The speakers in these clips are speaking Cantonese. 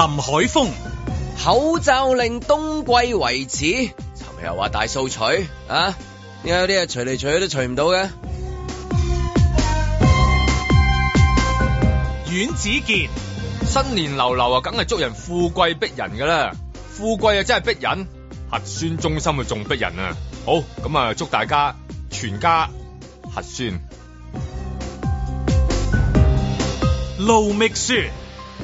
林海峰，口罩令冬季為止，尋日又話大掃除啊，點解有啲啊除嚟除去都除唔到嘅。阮子健新年流流啊，梗係祝人富貴逼人噶啦，富貴啊真係逼人，核酸中心啊仲逼人啊。好，咁啊祝大家全家核酸。盧覓雪。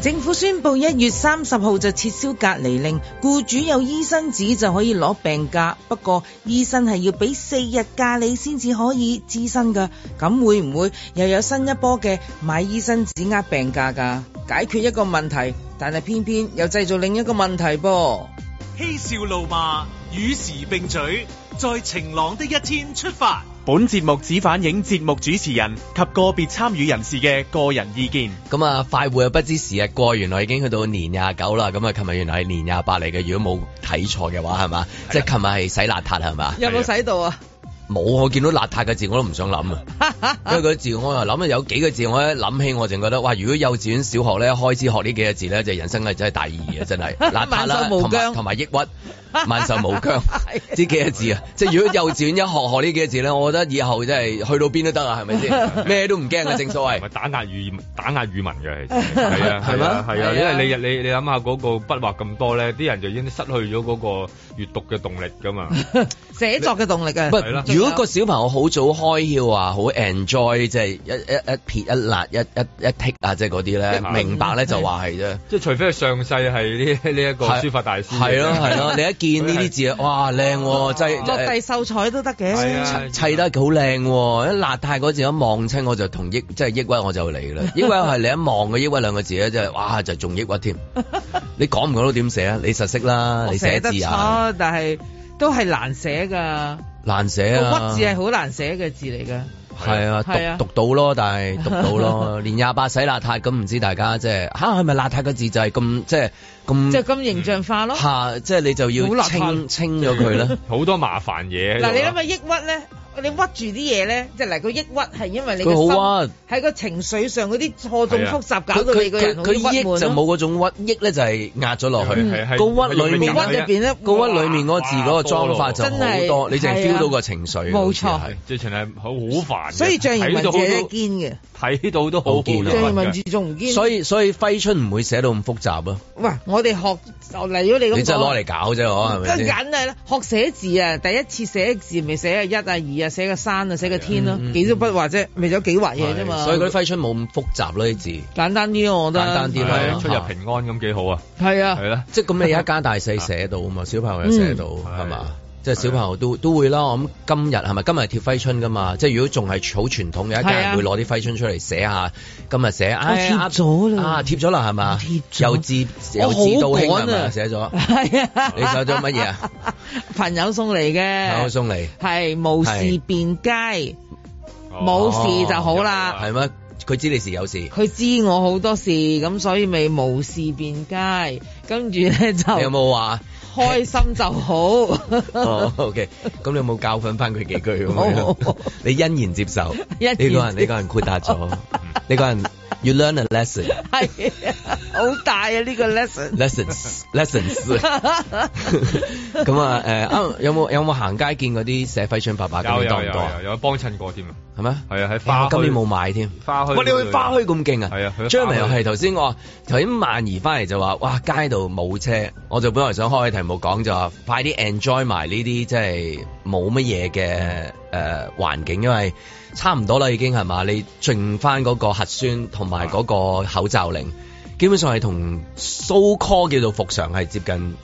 政府宣布一月三十號就撤銷隔離令，僱主有醫生紙就可以攞病假，不過醫生係要俾四日假你先至可以支薪噶，咁會唔會又有新一波嘅買醫生紙呃病假噶？解決一個問題，但係偏偏又製造另一個問題噃。嬉笑怒罵與時並舉，在晴朗的一天出發。本節目只反映節目主持人及個別參與人士嘅個人意見。咁啊，快活又不知時日過，原來已經去到年廿九啦。咁啊，琴日原來係年廿八嚟嘅，如果冇睇錯嘅話，係嘛？即係琴日係洗邋遢，係嘛？有冇洗到啊？冇，我見到邋遢嘅字我都唔想諗。 因為嗰字我又諗有幾個字，我一諗起我淨覺得哇！如果幼稚園、小學咧開始學呢幾個字咧，就人生咧真係大意義啊！真係邋遢啦，同埋抑鬱，萬壽無疆。呢幾多字啊？ 即係如果幼稚園一學學呢幾個字咧，我覺得以後真係去到邊都得 啊！係咪先？咩都唔驚啊！正所謂。咪打壓語打壓語文嘅係。啊，係啊，係啊，因為你你你諗下嗰個筆畫咁多咧，啲人就已經失去咗嗰個閱讀嘅動力㗎嘛。 寫作嘅動力啊。如果個小朋友好早開竅啊，好 enjoy 即係一一一撇一捺一一一剔啊，即係嗰啲咧，明白咧就話係啫。即係除非係上世係呢呢一個書法大師。係咯係咯，你一見呢啲字哇靚喎，啊啊，真係。落地秀才都得嘅，砌得好靚喎。一邋遢嗰字一望親我，我就同抑即係抑鬱我就嚟啦。抑鬱係你一望個抑鬱兩個字咧，即係哇就仲抑鬱添。你講唔講到點寫啊？你實識啦，你寫字啊。寫得錯，但係。都係難寫噶，難寫啊！屈字係好難寫嘅字嚟噶，係啊，啊，讀啊讀到咯，但係讀到咯，年廿八洗邋遢，咁唔知大家即係吓係咪邋遢嘅字就係咁即係咁，即係咁形象化咯吓、啊，即係你就要清清咗佢咧，好 多麻煩嘢嗱，你諗下抑鬱咧。你屈住啲嘢咧，即係嚟個抑鬱係因為你個屈。喺個情緒上嗰啲錯綜複雜搞到佢抑、啊、就冇嗰種鬱，抑咧就係壓咗落去。個、嗯、屈裏面，鬱入邊咧，個屈裏面嗰個字嗰個裝法就好多，多你淨係 feel 到個情緒。冇錯，錯，最純係好好煩。所以象形字寫得堅嘅，睇到，到都好堅。象形文字仲唔堅？所以所以揮春唔會寫到咁複雜啊。喂，我哋學就嚟咗你你真係攞嚟搞啫、啊，係咪？梗係啦，學寫字啊，第一次寫字咪寫啊一啊二寫個山啊，寫個天咯，幾多筆或者未有幾畫嘢啫嘛。所以嗰啲揮春冇咁複雜咯啲字，簡單啲我覺得。簡單啲啦，出入平安咁幾好啊。係啊。係啊。即係咁你有一家大細寫到啊嘛，小朋友又寫到係嘛？嗯即、就、係、是、小朋友都都會囉。我諗今日係咪今日貼揮春㗎嘛？即係如果仲係好傳統嘅一家人會攞啲揮春出嚟寫下今日寫，啊啊啊、貼咗啦，啊貼咗啦係嘛？又字又字都興係寫咗，啊！ 你寫咗乜嘢啊？朋友送嚟嘅，朋友送嚟，係無事便佳，冇、哦、事就好啦。係咩、啊？佢知你事有事，佢知我好多事，咁所以咪無事便佳。跟住咧就你有冇話？開心就好。哦。OK，咁 你有冇教訓翻佢幾句咁樣？ 你欣然接受。呢、 呢個人呢 個人豁達咗。呢 個人。You learn a lesson 係好大啊呢個 lesson。lessons，lessons、啊。咁啊有冇有冇行街見嗰啲寫揮春爸爸多唔多有有，有有有，有幫襯過添 啊。係咩？係啊，喺花，今年冇買添。花墟，你去花墟咁勁啊？係啊，佢。張明又係，頭先我頭先曼兒翻嚟就話，哇！街度冇車，我就本來想開題目講就話，快啲 enjoy 埋呢啲即係冇乜嘢嘅誒環境，因為。差唔多啦，已經係嘛？你盡返嗰個核酸同埋嗰個口罩令，基本上係同 so call 叫做復常係接近，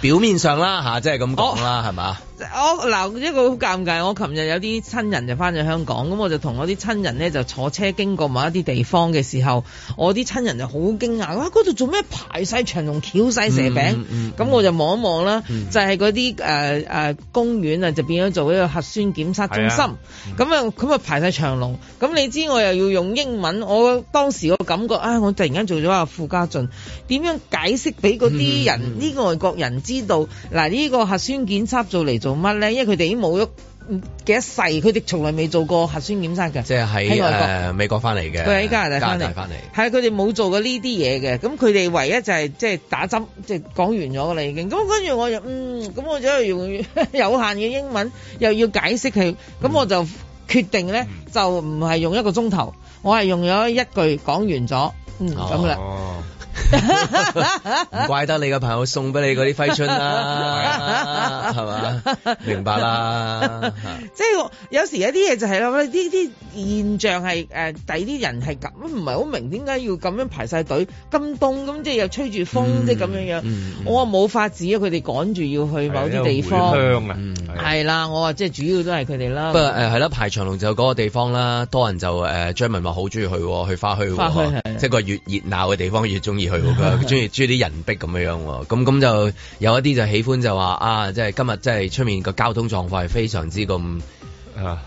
表面上啦嚇，即係咁講啦，係、就、嘛、是？Oh. 我嗱一、這個好尷尬，我琴日有啲親人就翻咗香港，咁我就同我啲親人咧就坐車經過某一啲地方嘅時候，我啲親人就好驚訝，哇度做咩排晒長龍翹晒蛇餅，咁、嗯嗯嗯、我就望一望啦、嗯，就係啲誒誒公園啊，就變咗做一個核酸檢測中心。咁啊咁啊排晒長龍，咁、嗯、你知我又要用英文，我當時我感覺啊、哎，我突然間做咗阿傅家俊點樣解釋俾啲人呢個、嗯嗯、外國人知道？嗱、呃、呢、這個核酸檢測做嚟做。做乜咧？因為佢哋已經冇咗幾多世，佢哋從來未做過核酸檢測嘅。即係喺、呃、美國翻嚟嘅，佢喺加拿大翻嚟，係啊，佢哋冇做過呢啲嘢嘅。咁佢哋唯一就係即係打針，即係講完咗噶啦已經。咁跟住我就嗯，咁我就用有限嘅英文又要解釋佢。咁我就決定咧，就唔係用一個鐘頭，我係用咗一句講完咗，嗯，咁、哦、啦。就是了。唔 怪得你嘅朋友送俾你嗰啲揮春啦、啊，係 嘛是吧？ 明白啦。 即係有時有啲嘢就係、是、咯，呢啲現象係誒，第啲人係咁唔係好明點解要咁樣排晒隊咁凍咁，即係又吹住風即係咁樣樣。嗯、我話冇法子，佢哋趕住要去某啲地方。香啊，係啦，我話即係主要都係佢哋啦。不過誒係啦，排長龍就嗰個地方啦，多人就誒張文話好中意去去花墟，花墟係即係越熱鬧嘅地方越中意去。佢中意中意啲人逼咁樣樣，咁咁就有一啲就喜歡就話啊，即係今日即係出面個交通狀況係非常之咁，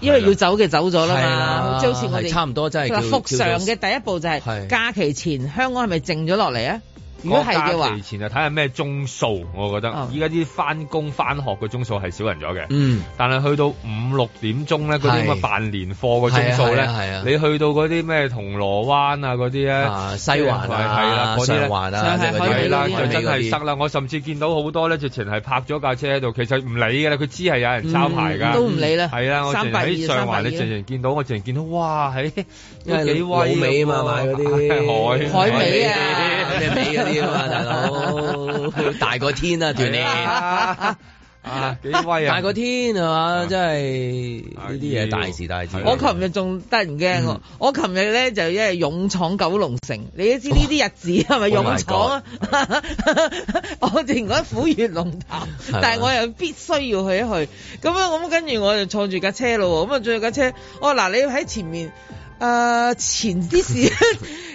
因為要走嘅走咗啦嘛，啊、好似錢我哋差唔多真係。嗱，復常嘅第一步就係假期前是香港係咪靜咗落嚟啊？如果係嘅話，提前就睇下咩鐘數，我覺得依家啲返工返學嘅鐘數係少人咗嘅。嗯，但係去到五六點鐘咧，嗰啲咁嘅辦年貨嘅鐘數咧，你去到嗰啲咩銅鑼灣啊嗰啲咧，西環啊係啦，西環啊嗰啲啦，就真係塞啦。我甚至見到好多咧，直情係泊咗架車喺度，其實唔理嘅啦，佢知係有人抄牌噶、嗯嗯，都唔理啦。係、嗯、啊，我喺上環，你直情見到，我直情見到，哇，係都係幾威啊！美嘛 海海美啊！ 咩尾嘛，大佬大過天啊，鍛 煉力啊，幾、 啊啊、威啊！大過天係、啊、嘛，真係呢啲嘢大事大，事大事 我琴日仲得人驚我，我琴日咧就一係勇闖九龍城，你都知呢啲日子係咪勇闖啊？ 我盡管虎穴龍潭，但係我又必須要去一去。咁啊，咁跟住我就坐住架車咯。咁啊，仲有架車，哦，嗱你要喺前面誒、呃、前啲線。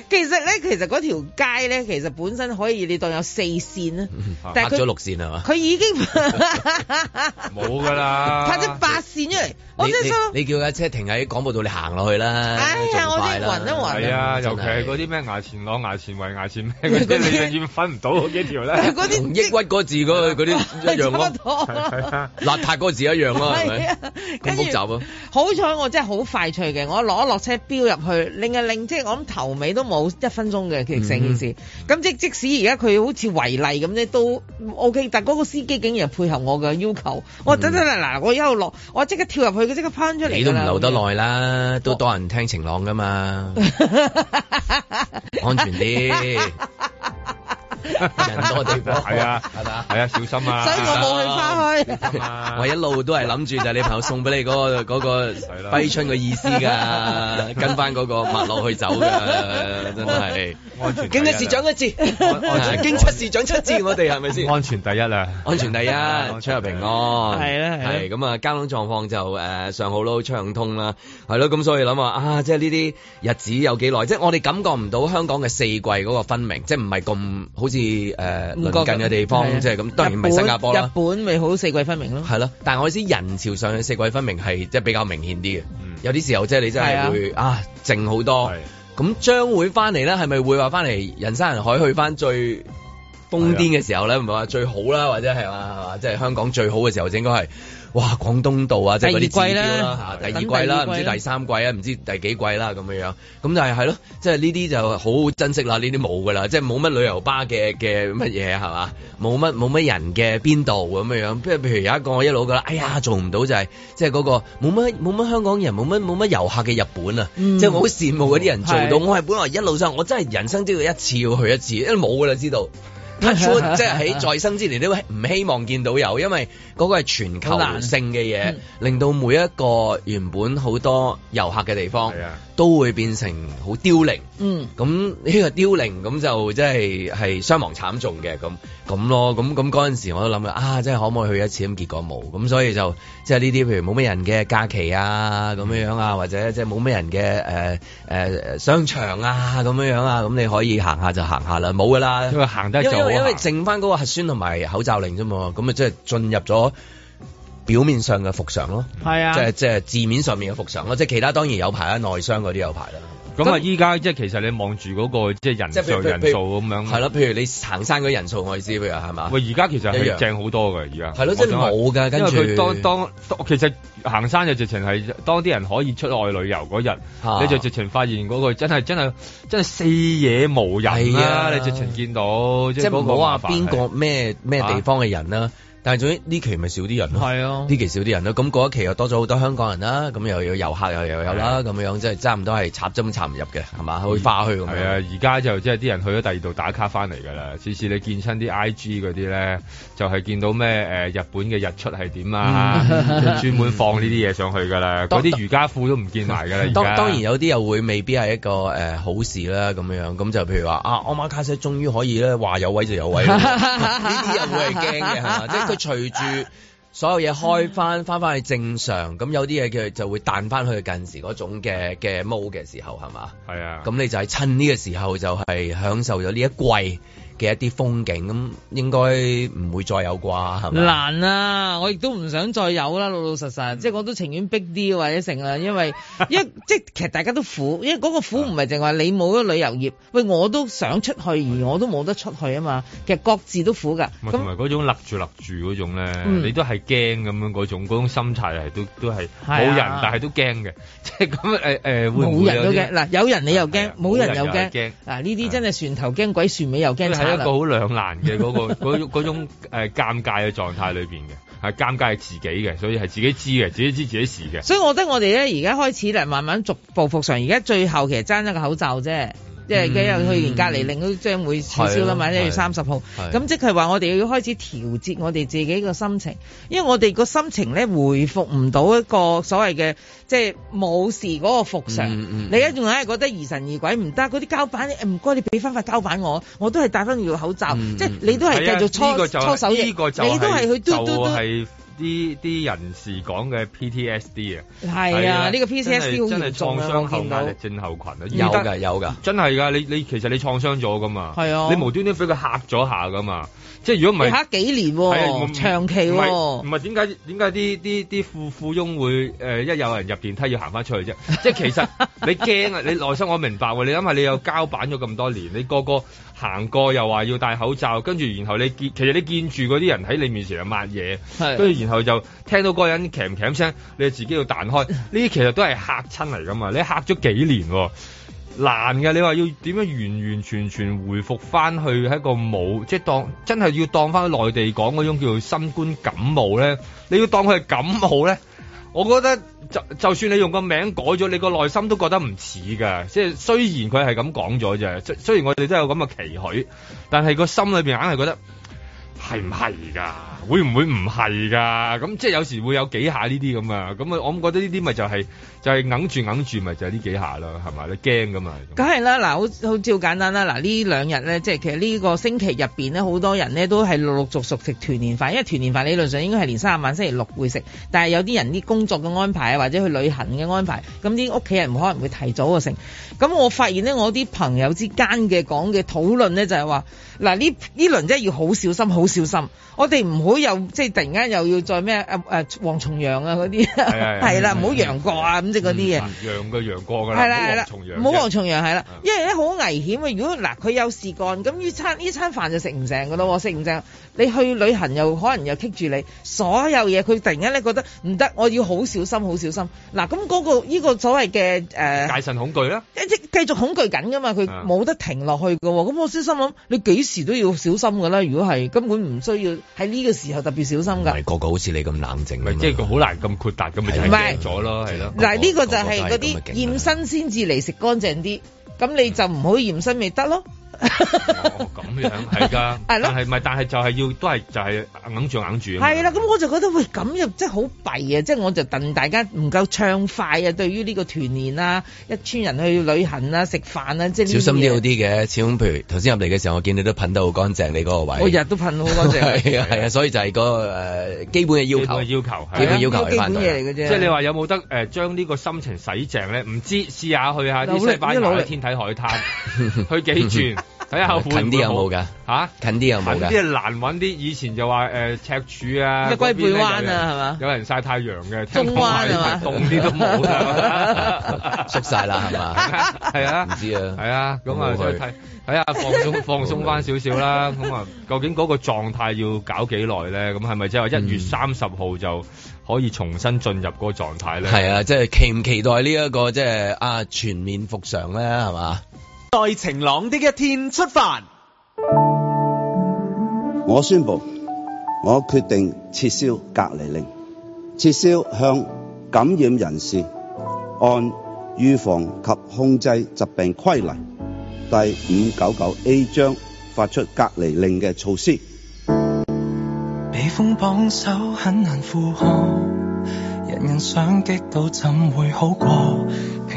其實咧，其實嗰條街咧，其實本身可以你當有四線啊、嗯，但係佢六線係嘛？佢已經冇㗎啦，拍咗八線出嚟。我真係你，你叫架車停喺廣播道，你行落去啦。哎呀，我啲暈都暈係啊，尤其係嗰啲咩牙前攞牙前圍、牙前咩 你永遠分唔到幾條啦。啲， 抑鬱嗰字嗰嗰啲一樣咯，邋 遢字一樣咯，係咪？咁複雜啊！好彩我真係好快脆嘅，我攞落車飆入去，令啊令，即係我諗頭尾都冇。冇一分鐘嘅，其實成件事，咁、mm -hmm. 即即使而家佢好似違例咁咧，都 O K。但嗰個司機竟然配合我嘅要求，我、mm -hmm. 等等嗱，我一路落，我即刻跳入去，佢即刻返出嚟。你都唔留得耐啦，OK？都多人聽晴朗㗎嘛， 安全啲點。 人多地方係 啊，係嘛？係啊，小心啊！所以我冇去翻去、 啊。我一路都係諗住就係你朋友送俾你嗰、那個嗰、那個、揮春嘅意思㗎， 跟翻嗰個抹落去走㗎，真係。警警士長一字，警察士長七字，我哋係咪先？安全第一啊！ 安全第一，出入平安。係啦，係咁啊，交通狀況就誒、呃、上好咯，暢通啦。係咯，咁所以諗啊，即係呢啲日子有幾耐？即係我哋感覺唔到香港嘅四季嗰個分明，即係唔係咁好似。似、呃、鄰近嘅地方，即係咁，當然唔係新加坡啦。日本咪好四季分明咯，係咯。但係我知人潮上嘅四季分明係即係比較明顯啲嘅、嗯。有啲時候即係你真係會啊靜好多。咁將會翻嚟咧，係咪會話翻嚟人山人海去翻最瘋癲嘅時候咧？唔係話最好啦，或者係話？即係香港最好嘅時候，應該係。哇！廣東道啊，即係嗰啲紙雕啦，第二季啦，唔、啊、知第三季啊，唔知第幾季啦，咁、嗯、樣咁就係係咯，即係呢啲就好、是、珍惜啦，呢啲冇噶啦，即係冇乜旅遊巴嘅嘅乜嘢係嘛，冇乜冇乜人嘅邊度咁樣樣，譬如有一個我一路覺得，哎呀，做唔到就係即係嗰個冇乜冇乜香港人冇乜冇乜遊客嘅日本啊，即係好羨慕嗰啲人做到，嗯、我係本來一路就我真係人生只要一次要去一次，因為冇噶啦知道。 即係喺在生之年都唔希望見到有，因為嗰個係全球性嘅嘢、嗯，令到每一個原本好多遊客嘅地方都會變成好凋零。嗯，咁呢個凋零咁就即係係傷亡慘重嘅，咁咁咯，咁咁嗰陣時我都諗啊，即係可唔可以去一次咁，結果冇。咁所以就即係呢啲，譬如冇咩人嘅假期啊，咁樣樣啊，或者即係冇咩人嘅誒誒商場啊，咁樣樣啊，咁你可以行下就行下啦，冇噶啦，因為行得就好行因為，因為因為剩翻嗰個核酸同埋口罩令啫嘛，咁啊即係進入咗表面上嘅復常咯，係、嗯、啊，即係即係字面上面嘅復常咯，即係其他當然有排啊，內傷嗰啲有排啦。咁、嗯、啊！依家即係其實你望住嗰個即係人數，人數咁樣。係啦，譬如你行山嗰人數，我意思譬如話係嘛？喂，而家其實係正好多㗎。而家。係咯，即係冇㗎。跟住。因為佢當當，其實行山就直情係當啲人可以出外旅遊嗰日、啊，你就直情發現嗰個真係真係真係四野無人啊！你就直情見到即係冇話邊個咩咩地方嘅人啦。但係總之呢期咪少啲人咯，呢、啊、期少啲人咯，咁、那、過、個、一期又多咗好多香港人啦，咁又有遊客又又有啦，咁、啊、樣即係、就是、差唔多係插針插唔入嘅，係嘛？去、嗯、花去咁啊，而家就即係啲人去咗第二度打卡翻嚟㗎啦，次次你見親啲 IG 嗰啲咧，就係、是、見到咩誒、呃、日本嘅日出係點啊，嗯、 專門放呢啲嘢上去㗎啦，嗰啲瑜伽褲都唔見埋㗎啦。當當,當然有啲又會未必係一個誒、呃、好事啦，咁樣咁就譬如話啊，奧馬卡西終於可以咧話有位就有位，呢啲又會係驚嘅隨住所有嘢開翻，翻翻去正常，咁有啲嘢佢就會彈翻去近時嗰種嘅嘅毛嘅時候係嘛？係啊，咁你就係趁呢個時候就係享受咗呢一季。嘅一啲風景咁應該唔會再有啩，係嘛？難啊！我亦都唔想再有啦，老老實實，即係我都情願逼啲或者成啦，因為 即係其實大家都苦，因為嗰個苦唔係淨係話你冇咗旅遊業，喂、啊、我都想出去，而我都冇得出去啊嘛。其實各自都苦㗎。同埋嗰種勒住勒住嗰種咧，你都係驚咁樣嗰種，嗰種心態都、嗯、都係冇人，啊、但係都驚嘅。即係咁誒會冇人都驚嗱，有人你又驚，冇人又驚。嗱呢啲真係船頭驚鬼船尾又驚。 一個好兩難嘅嗰、嗰個嗰嗰種誒尷尬嘅狀態裏邊嘅，係尷尬係自己嘅，所以係自己知嘅，自己知自己事嘅。所以我覺得我哋咧而家開始嚟慢慢逐步復常，而家最後其實爭一個口罩啫。即係佢又去完隔離，令到將會取消啦嘛！一月三十號，咁 即係話我哋要開始調節我哋自己個心情，因為我哋個心情咧回復唔到一個所謂嘅即係冇事嗰個復常。嗯嗯、你而家仲係覺得疑神疑鬼唔得，嗰啲膠板唔該，你俾翻塊膠板我，我都係戴翻條口罩，嗯、即係你都係繼續搓搓手嘢，你都係去嘟嘟嘟。啲啲人士講嘅 PTSD 啊，係啊，呢個 PTSD 真係創傷後壓力症候群啊，有㗎有㗎，真係㗎，你你其實你創傷咗㗎嘛，係啊，你無端端俾佢嚇咗下㗎嘛。即係如果唔係嚇幾年喎、哦，長期喎、哦，唔係點解點解啲啲啲富富翁會誒、呃、一有人入電梯要行翻出去啫？ 即係其實你驚啊！你內心我明白喎，你諗下你又膠板咗咁多年，你個個行過又話要戴口罩，跟住然後你見其實你見住嗰啲人喺你面前又抹嘢，跟住然後就聽到嗰人夾唔夾聲，你自己要彈開。呢啲其實都係嚇親嚟噶嘛，你嚇咗幾年喎、哦。難嘅，你話要點樣完完全全回復翻去喺個冇，即係當真係要當翻內地講嗰種叫做新冠感冒咧，你要當佢係感冒咧，我覺得就就算你用個名改咗，你個內心都覺得唔似噶，即係雖然佢係咁講咗啫，雖然我哋都有咁嘅期許，但係個心裏邊硬係覺得係唔係噶，會唔會唔係噶？咁即係有時會有幾下呢啲咁啊，咁啊，我覺得呢啲咪就係。就係揞住揞住，咪就係呢幾下咯，係咪？你驚噶嘛？梗係啦，嗱，好好似好簡單啦。嗱，呢兩日咧，即係其實呢個星期入面咧，好多人咧都係陸陸續續食團年飯。因為團年飯理論上應該係年卅晚星期六會食，但係有啲人啲工作嘅安排啊，或者去旅行嘅安排，咁啲屋企人可能會提早個食。咁我發現咧，我啲朋友之間嘅講嘅討論咧，就係話，嗱呢呢輪真係要好小心，好小心。我哋唔好又即係突然間又要再咩啊誒黃重陽啊嗰啲係啦，唔好陽過啊啲嗰啲嘢，陽嘅陽過㗎啦，係啦係啦，唔好話重陽係啦，因為咧好危險啊！如果嗱佢有事幹，咁呢餐呢餐飯就食唔成㗎咯，食、嗯、唔成。你去旅行又可能又棘住你，所有嘢佢突然間咧覺得唔得，我要好小心好小心。嗱咁嗰個依、呢個所謂嘅誒，戒慎恐懼啦，即係繼續恐懼緊㗎嘛，佢冇得停落去㗎喎。咁我先心諗，你幾時都要小心㗎啦？如果係根本唔需要喺呢個時候特別小心㗎。個個好似你咁冷靜，即係佢好難咁豁達咁咪睇唔到咗咯，係咯。呢個就係嗰啲驗身先至嚟食乾淨啲，咁你就唔好驗身，咪得咯。 哦，咁樣係噶，但係唔係，但係就係要都係就係硬住硬住。係啦，咁我就覺得喂，咁又真係好弊啊！即係我就等大家唔夠暢快啊，對於呢個團年啊，一村人去旅行啊，食飯啊，即係小心啲好啲嘅。似咁，譬如頭先入嚟嘅時候，我見你都噴得好乾淨，你嗰個位，我日都噴好乾淨。係 啊，所以就係、嗰個誒、呃、基本嘅要求，要求基本要求嚟嘅啫。即係你話有冇得誒將呢個心情洗淨咧？唔知試下去下啲西班牙嘅天體海灘， 去幾轉？ 睇下後門，近啲有冇噶嚇？近啲有冇，啊？近啲係難揾啲，啊。以前就話誒，呃、赤柱啊，龜背灣啊，係嘛？有人曬太陽嘅，啊，中灣係嘛？凍啲都冇啦，啊啊，縮晒啦係嘛？係啊，唔知啊。係，嗯嗯嗯嗯，啊，咁啊，再睇睇下放鬆放鬆翻少少啦。咁 啊，究竟嗰個狀態要搞幾耐咧？咁係咪即係一月三十號就可以重新進入嗰個狀態咧？係啊，即係期唔期待呢一個即係啊全面復常咧？係嘛？在晴朗的一天出發。我宣布，我決定撤銷隔離令，撤銷向感染人士按預防及控制疾病規例第五九九 A 章發出隔離令嘅措施。榜首很難負荷，人人想激到，怎會好過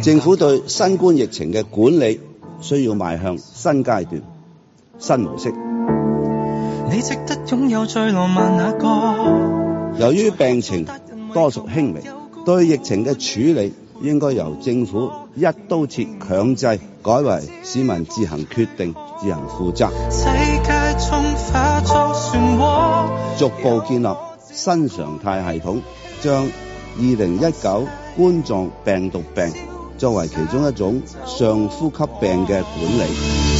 政府對新冠疫情嘅管理。需要邁向新階段、新模式。由於病情多屬輕微，對疫情嘅處理應該由政府一刀切強制，改為市民自行決定、自行負責，逐步建立新常態系統，將2019冠狀病毒病，作為其中一種上呼吸病嘅管理，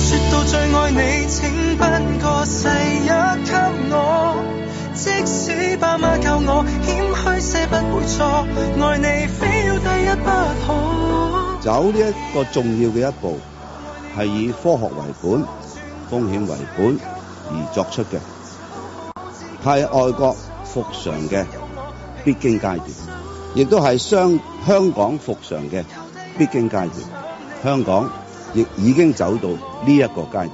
說到最愛你，請頒個世一給我。即使爸媽教我謙虛些，不會錯，愛你非要第一不可。走呢一個重要嘅一步，係以科學為本、風險為本而作出嘅，係外國復常嘅必經階段，亦都係香香港復常嘅。必經階段，香港亦已經走到呢一個階段。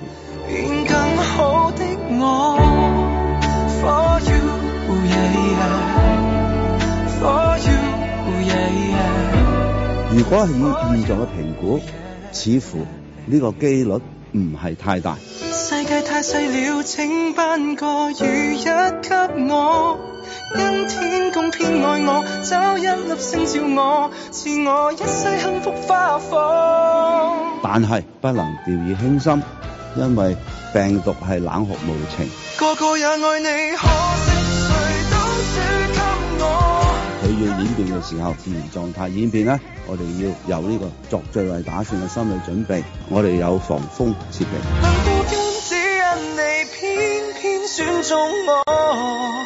如果以現狀嘅評估，似乎呢個機率唔係太大。世界太細了，請過一給我因天公偏愛我，找一粒星照我，賜我一世幸福花火。但係不能掉以輕心，因為病毒係冷酷無情。個個也愛你，可惜誰都只給我。佢要演變嘅時候自然狀態演變啦，我哋要由呢個作最壞打算嘅心理準備，我哋有防風設備。能到今只因你偏偏選中我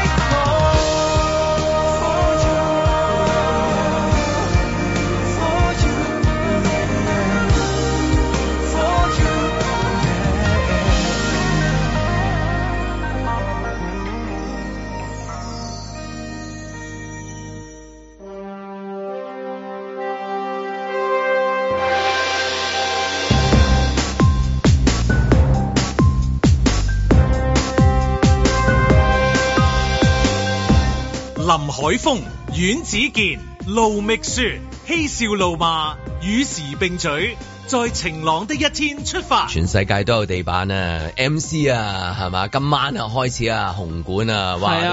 林海峰、阮子健、盧覓雪嬉笑怒罵，與時並舉。在晴朗的一天出發，全世界都有地板啊！MC 啊，係嘛？今晚啊，開始啊，紅館啊，哇，啊、都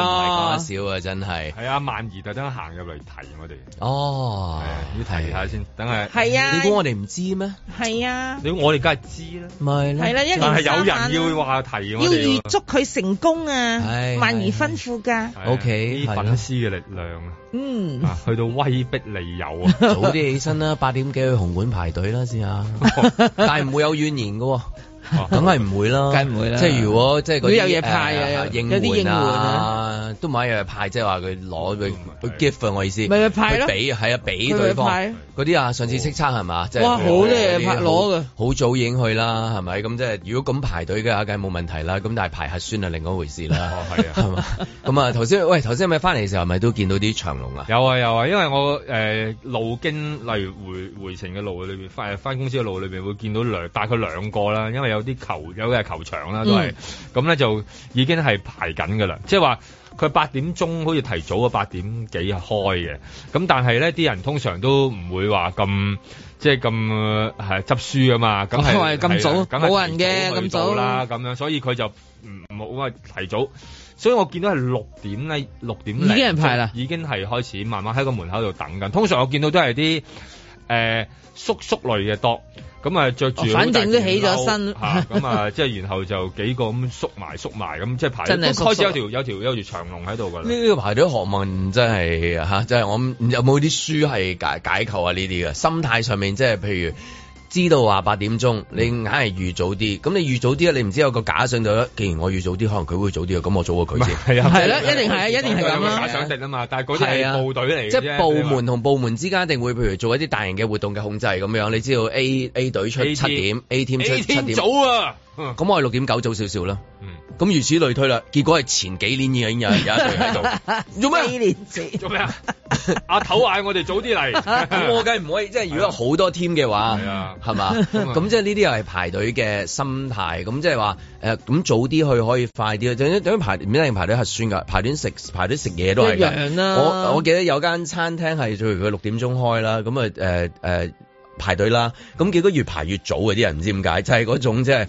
唔係少啊，真係。係啊，萬兒特登行入嚟提我哋。哦，要提下先，等係、啊。係啊，你估我哋唔知咩？係啊，你我哋梗係知啦。唔係啦，係啦、啊，但係有人要話提我哋，要預祝佢成功啊！啊啊萬兒吩咐㗎。啊、o、okay, K，啲粉絲嘅力量啊！嗯，啊，去到威逼利誘啊！早啲起身啦， 八點幾去紅館排隊啦先，吓 但係唔會有怨言噶、啊。梗係唔會啦，梗唔會啦。即係如果即係嗰啲有嘢派啊，啊有應援啊，都唔係有嘢派。即係話佢攞佢佢 gift 啊，我意思。咪派俾係啊，俾對方。嗰啲啊，上次測餐係嘛？哇，好多嘢派攞嘅、啊。好早已經去啦，係咪？咁即係如果咁排隊嘅，梗係冇問題啦。咁但係排核酸係另外一回事啦。哦，係啊，係嘛？咁啊，頭先喂，頭先咪翻嚟嘅時候，咪都見到啲長龍啊。有啊，有啊，因為我誒、呃、路經例如回回程嘅路裏邊，翻翻公司嘅路裏邊會見到兩大概兩個啦，因為有啲球，有嘅球場啦，都係咁咧，嗯、就已經係排緊噶啦。即係話佢八點鐘好似提早啊，八點幾開嘅。咁但係咧，啲人通常都唔會話咁即係咁係執輸啊嘛。咁係咁早，係冇人嘅咁早啦。咁樣，所以佢就唔冇啊提早。所以我見到係六點咧，六點已經人排啦，已經係開始慢慢喺個門口度等緊。通常我見到都係啲。誒、呃，縮縮類嘅多，咁啊着住，反正都起咗身吓，咁啊即係、嗯嗯、 然後就幾個咁縮埋縮埋，咁、嗯、即係排。真係開始有條有條有條長龍喺度噶啦。呢個排隊的學問真係吓，即、啊、係我有冇啲書係解解構啊呢啲嘅？心態上面即係譬如。知道話八點鐘，你硬係預早啲，咁你預早啲咧，你唔知有個假想敵啦，既然我預早啲，可能佢會早啲啊，咁我早過佢先。係啊，係啦，一定係啊，一定係咁樣啊，假想敵啊嘛，但係嗰啲係部隊嚟嘅啫。即係部門同部門之間一定會譬如做一啲大型嘅活動嘅控制咁樣，你知道 A A 隊出七點，A team，A team 出七點。咁、嗯嗯、我係六點九早少少啦，咁、嗯、如此類推啦。結果係前幾年已經有有一隊喺度，做咩？四年前做咩？阿頭嗌我哋早啲嚟，咁我梗唔可以。即 係如果好多 team 嘅話，係嘛、啊？咁 即係呢啲又係排隊嘅心態。咁即係話誒、咁、呃、早啲去可以快啲。等等排唔一定排隊核酸噶，排隊食排隊食嘢都係、啊。我我記得有間餐廳係譬如佢六點鐘開啦，咁啊誒誒排隊啦，咁結果越排越早嘅啲人，唔知點解就係、是、嗰種即、就、係、是。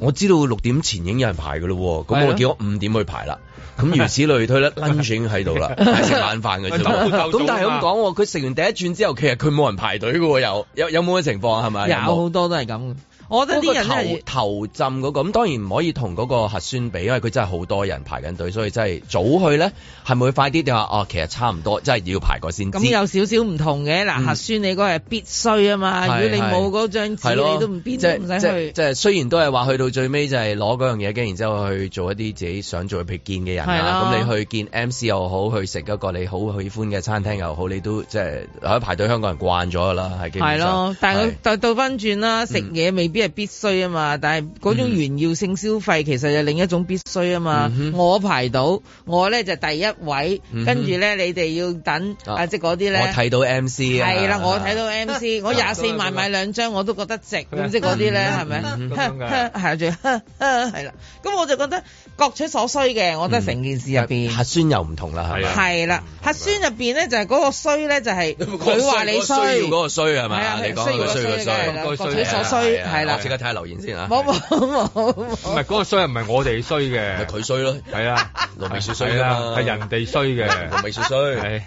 我知道六點前已經有人排嘅咯，咁、啊、我叫我五點去排啦。咁如此類推咧 ，lunch 已經喺度啦，食晏飯嘅啫。咁 但係咁講喎，佢 食完第一轉之後，其實佢冇人排隊嘅喎，有有有冇嘅情況係咪？有好多都係咁。我覺得啲人真、嗰個、頭浸嗰、嗰個，咁當然唔可以同嗰個核酸比，因為佢真係好多人排緊隊，所以真係早去咧，係咪會快啲就話哦？其實差唔多，真係要排過先。咁有少少唔同嘅，嗱、嗯、核酸你嗰係必須啊嘛，如、嗯、果你冇嗰張紙，你都邊都唔使去。即係雖然都係話去到最尾就係攞嗰樣嘢，跟然之後去做一啲自己想做嘅見嘅人啦。咁你去見 MC 又好，去食一個你好喜歡嘅餐廳又好，你都即係、就是、排隊香港人慣咗噶啦，係係咯，但係佢倒翻轉啦，食嘢、嗯、未？必係必須啊嘛？但係嗰種炫耀性消費其實係另一種必須啊嘛、嗯。我排到，我咧就是、第一位，跟住咧你哋要等啊，即係嗰啲咧。我睇到 MC。係啦，我睇到 MC、啊、我廿四萬買、啊啊、兩張我都覺得值。點知嗰啲咧係咪？咁、啊、㗎，係啦，係、啊、啦。咁我就覺得各取所需嘅，我覺得成件事入邊核酸又唔同啦，係啦。係啦，核酸入邊咧就係嗰、嗰個需咧就係佢話你需。需要嗰個需係咪？你講個需個需，各取所需啦，即刻睇下留言先啊。唔係嗰個衰，唔係我哋衰嘅，係佢衰咯。係啦，羅美雪衰啦，係人哋衰嘅，羅美雪衰。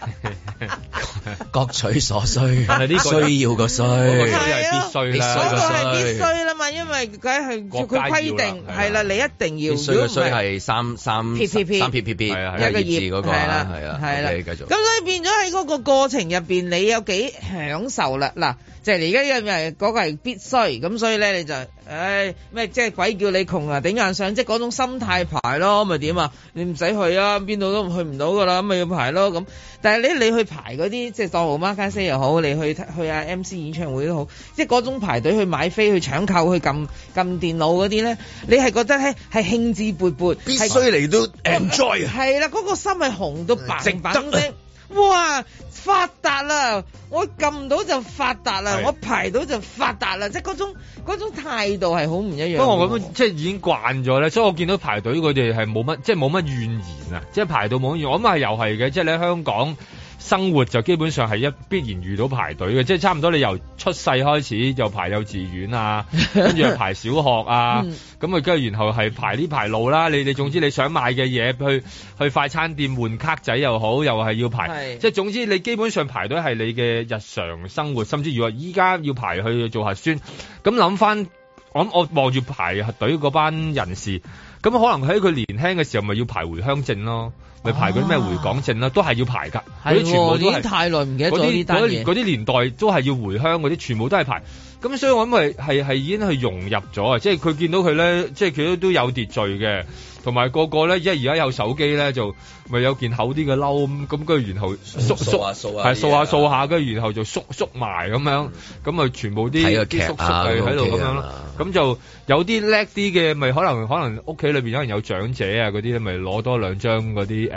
各取所需，但係呢個需要個衰，係必須啦。嗰個係必須啦嘛，因為佢係佢規定係啦，你一定要必須個衰係三三三撇撇撇，一個二嗰個係啦，係啦，係啦，繼續。咁所以變咗喺嗰個過程入邊，你有幾享受啦？嗱。即係而家呢樣嗰個係必須，咁所以咧你就，唉、哎、咩即係鬼叫你窮啊頂硬上，即係嗰種心態排咯，咪點啊？你唔使去啊，邊度都去唔到噶啦，咁咪要排咯咁。但係你你去排嗰啲，即係當紅媽嘉聲又好，你去去 MC 演唱會都好，即係嗰種排隊去買飛去搶購去撳撳電腦嗰啲咧，你係覺得係係興致勃勃，必須嚟都 enjoy。係啦、啊，嗰、啊啊嗰個心係紅到白。哇！發達啦，我撳到就發達啦，我排到就發達啦，就是，即係嗰種嗰種態度係好唔一樣。不過我咁樣即係已經慣咗咧，所以我見到排隊佢哋係冇乜，即係冇乜怨言啊！即係排到冇怨，我諗係又係嘅，即係你喺香港。生活就基本上係一必然遇到排隊嘅，即係差唔多你由出世開始就排幼稚園啊，跟 住又排小學啊，咁啊跟住然後係排呢排路啦。你你總之你想買嘅嘢，去去快餐店換卡仔又好，又係要排。即係總之你基本上排隊係你嘅日常生活，甚至如果依家要排去做核酸。咁諗翻，我我望住排隊嗰班人士，咁可能喺佢年輕嘅時候咪要排回鄉證咯。咪排啲咩回港證啦，啊，都係要排噶。係嗰啲全部都係。年太耐唔記得咗呢單嘢。嗰啲嗰啲年代都係要回鄉，嗰啲全部都係排。咁所以我諗係係係已經係融入咗啊！即係佢見到佢咧，即係佢都都有秩序嘅，同埋個個咧，即係而家有手機咧，就咪有件厚啲嘅褸咁，咁跟住然後縮縮，係掃下掃下，跟住然後就縮縮埋咁樣，咁咪全部啲啲縮縮係喺度咁樣咯。咁就有啲叻啲嘅，咪可能可能屋企裏邊可能有長者啊嗰啲，咪攞多兩張嗰啲誒。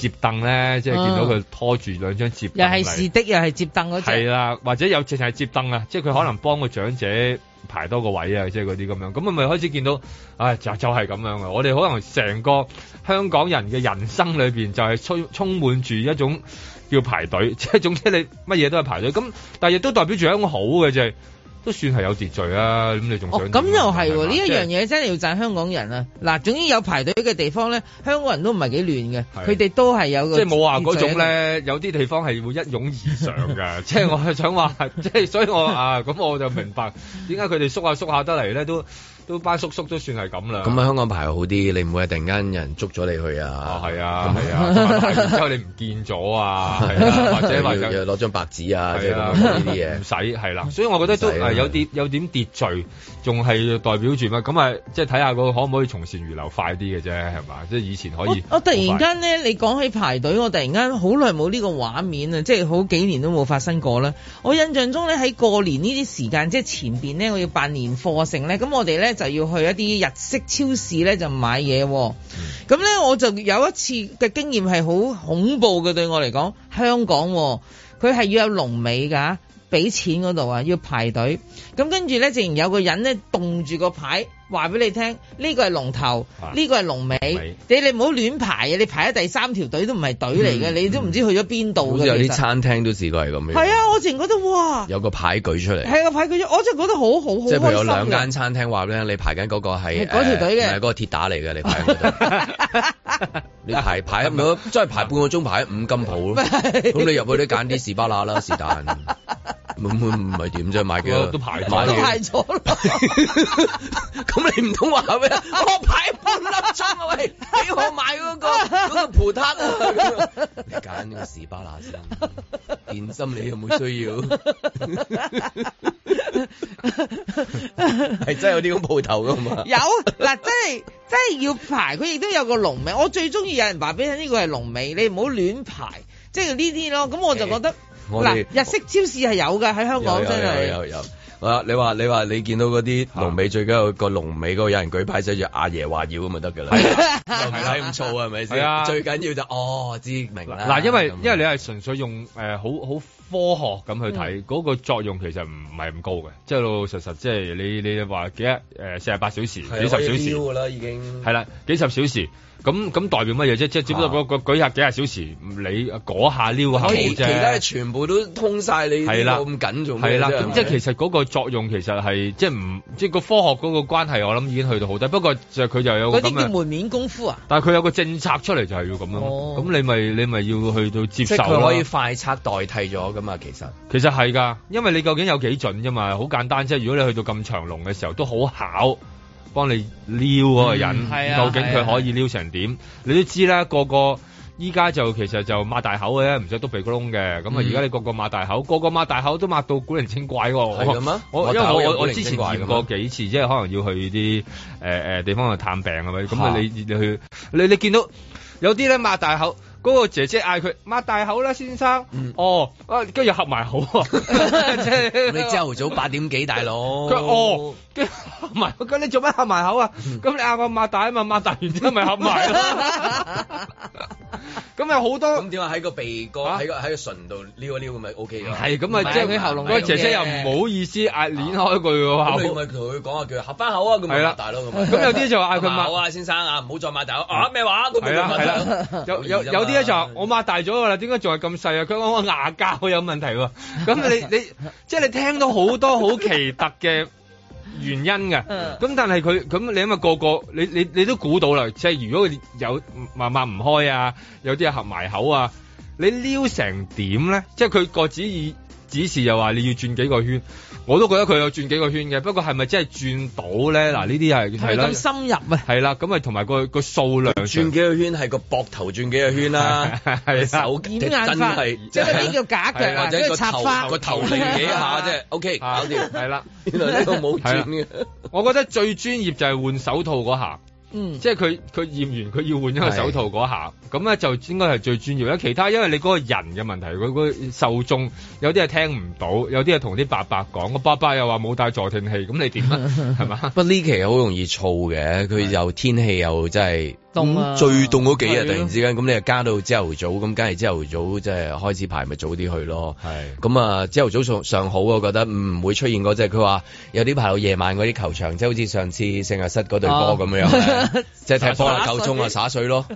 接凳咧，即係見到佢拖住兩張接凳、嗯，又係是，是，是的，又係接凳嗰隻。係啦，或者有淨係接凳啊，即係佢可能幫個長者排多個位啊，即係嗰啲咁樣。咁咪開始見到，唉，就就係咁樣啊。我哋可能成個香港人嘅人生裏邊，就係充充滿住一種要排隊，即係總之你乜嘢都係排隊。咁但係亦都代表住一種好嘅，即係。都算係有秩序啊！咁你仲想咁又係呢一樣嘢真係要讚香港人啊！嗱、即係，總之有排隊嘅地方咧，香港人都唔係幾亂嘅，佢哋都係有即係冇話嗰種咧，有啲地方係會一擁而上㗎。即 係我係想話，即、就、係、係、所以我 啊，咁我就明白點解佢哋縮下縮下得嚟咧都。都班叔叔都算係咁啦。咁啊香港牌好啲，你唔會係突然間有人捉咗你去啊？啊、哦、係啊，係啊，然、啊、之後你唔見咗啊，係 啊，或者話又攞張白紙啊，即係呢啲嘢。唔使係啦，所以我覺得都係、啊、有啲有點秩序。仲係代表住乜？咁啊，即係睇下佢可唔可以從善如流快啲嘅啫，係嘛？即係以前可以。我，我突然間咧，你講起排隊，我突然間好耐冇呢個畫面啊！即係好幾年都冇發生過啦。我印象中咧，喺過年呢啲時間，即係前邊咧，我要辦年貨成咧，咁我哋咧就要去一啲日式超市咧就買嘢。咁咧，嗯，我就有一次嘅經驗係好恐怖嘅對我嚟講，香港佢係要有龍尾噶。俾錢嗰度啊，要排隊，咁跟住咧，竟然有個人咧，凍住個牌。話俾你聽，呢個係龍頭，呢個係龍尾，你你唔好亂排啊！你排喺第三條隊都唔係隊嚟嘅，你都唔知去咗邊度。有啲餐廳都試過係咁樣。係啊，我前覺得，哇，有個牌舉出嚟，係個牌舉出嚟，我真係覺得好好好開心。即係有兩間餐廳話俾你聽，你排緊嗰個係嗰條隊嘅，嗰個鐵打嚟嘅，你排喺度。你排排咪咯，即係排半個鐘排五金鋪。咁你入去都揀啲士巴拿啦是但，咁咁唔係點啫？買幾多都排咗。咁你唔通話咩？我排半粒鐘啊！喂，俾我買嗰個嗰個葡撻啊！你揀呢個士巴拿先，點心你有冇需要？係 真係有啲咁鋪頭噶嘛，有？有嗱，真係真係要排，佢亦都有個龍尾。我最中意有人話俾你呢個係龍尾，你唔好亂排，即係呢啲咯。咁我就覺得，嗱，日式超市係有嘅喺香港，真係。你你啊！你話你話你見到嗰啲龍尾最緊要個龍尾嗰個有人舉牌寫住阿爺話要咁咪得嘅啦，就唔睇咁燥啊，係咪先？最緊要就是、哦，知明白啦。嗱，因為因為你係純粹用誒、呃、好好科學咁去睇，嗰、嗯嗰個作用其實唔係咁高嘅，即係老老實實、就是，即係你你話幾多誒四十八小時、幾十小時嘅啦，已經係啦，幾十小時。A -A -A 咁咁代表乜嘢啫？即係只不過個個舉下幾廿小時，你嗰下撩下好啫。其他全部都通晒。你冇咁緊做咩咁，即係其實嗰個作用其實係即係唔即係個科學嗰個關係，我諗已經去到好低。不過就佢就有嗰啲叫門面功夫啊。但係佢有個政策出嚟就係要咁咯。咁、哦、你咪你咪要去到接受可以快測代替咗咁啊，其實其實係㗎，因為你究竟有幾準啫嘛？好簡單啫。如果你去到咁長龍嘅時候，都好巧。幫你撩嗰個人，嗯啊、究竟佢可以撩成點，啊啊？你都知啦，個個依家就其實就擘大口嘅，唔使篤鼻窿嘅。咁、嗯、啊，而家你個個擘大口，個個擘大口都擘到古靈精怪喎。咁啊！我因為我怪怪我之前驗過幾次，即係可能要去啲誒誒地方去探病咁啊，你去你去你你見到有啲咧擘大口，嗰、那個姐姐嗌佢擘大口啦，先生。嗯、哦，跟住合埋口。啊。後呵呵 嗯、你朝頭早八點幾大，大佬。佢哦，跟合埋。咁你做咩合埋口啊？咁你嗌我擘大啊嘛，擘大完之後咪合埋咁、 嗯、有好多。咁點啊？喺個鼻哥，喺個喺個唇度撩一撩，咁咪 O K 咯。係咁啊，張起喉嚨。個姐姐又唔好意思，嗌裂開句喎。佢咪同佢講啊，叫合翻口啊。咁係啦，大佬咁。咁有啲就嗌佢擘口啊，先生啊，唔好再擘大口啊。咩話？都唔會擘口。有有有。依家就我擘大咗噶啦，點解仲係咁細啊？佢講我牙膠有問題。啊，咁你你 即係你聽到好多好奇特嘅原因嘅咁 但係佢咁你因為個個你你你都估到啦，即係如果佢有擘擘唔開啊，有啲合埋口啊，你撩成點咧？即係佢個指指示又話你要轉幾個圈。我都覺得佢有轉幾個圈嘅，不過係咪真係轉到咧？嗱，呢啲係係啦，咁深入啊，係啦，咁啊同埋個個數量轉幾個圈係個膊頭轉幾個圈啦，係，手點啊，真係即係呢叫假腳或者插花個頭嚟幾下啫 ，OK 搞掂，係啦，原來呢個冇轉嘅。我覺得最專業就係換手套嗰下，嗯，即係佢佢驗完佢要換一個手套嗰下。咁咧就應該係最專業啦。其他因為你嗰個人嘅問題，佢佢受眾有啲係聽唔到，有啲係同啲伯伯講，個伯伯又話冇帶助聽器，咁你點啊？係嘛？不過呢期好容易燥嘅，佢又天氣又真係凍，最凍嗰幾日突然之間，咁你又加到朝頭早，咁梗係朝頭早即係開始排，咪早啲去咯。係。咁啊，朝頭早上，上好，我覺得唔會出現過，即係佢話有啲排到夜晚嗰啲球場，即係好似上次聖亞室嗰隊波咁樣即係、啊、 踢波啊夠鍾啊灑水咯。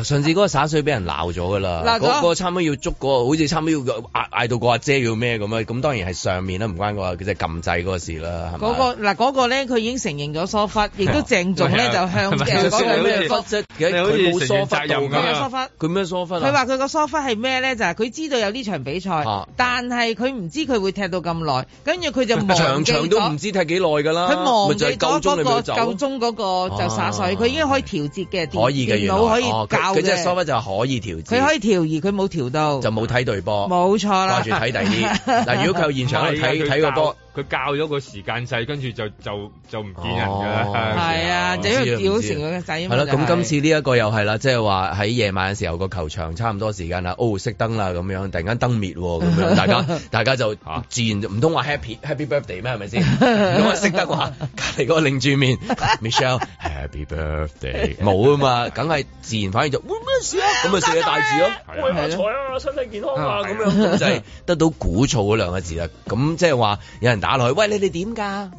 上次嗰個灑水俾人鬧咗㗎啦，嗰、啊嗰個嗰個嗰個差唔多要捉嗰、嗰個，好似差唔多要嗌嗌到個阿姐要咩咁樣？咁當然係上面啦，唔關、嗰個佢哋撳掣嗰個事啦，嗰嗱嗰個咧，佢已經承認咗疏忽，亦都鄭總咧就向誒嗰忽即佢冇疏忽到，佢疏忽，佢咩疏忽，佢話佢個疏忽係咩咧？就係、是、佢知道有呢場比賽，啊、但係佢唔知佢會踢到咁耐，跟住佢就忘、啊、長場都唔知踢幾耐㗎啦。佢望咗嗰個夠鐘嗰個就灑水，佢已經可以調節嘅電腦可以佢即係收屈就可以調節，佢可以調，而佢冇調到，就冇睇對波，冇錯啦，掛住睇第二啲。嗱，如果佢現場可以睇睇個波。 佢教咗個時間掣，跟住就就就唔見人㗎。係、哦、啊，就要屌成個仔。係咯，咁、啊、今次呢一個又係啦，即係話喺夜晚嘅時候個球場差唔多時間啦，哦熄燈啦咁樣，突然間燈滅咁樣， 大家大家就自然唔通話 Happy Happy Birthday 咩？係咪先？唔通識得話隔離個擰住面 Michelle Happy Birthday 冇 啊嘛，梗係自然反應就冇咩 事啊，咁咪寫個大字咯、啊，開運財啊，身體健康啊，咁、啊、樣 就係得到鼓噪嗰兩個字啦、啊。咁即係話有人阿來威，你哋點噶？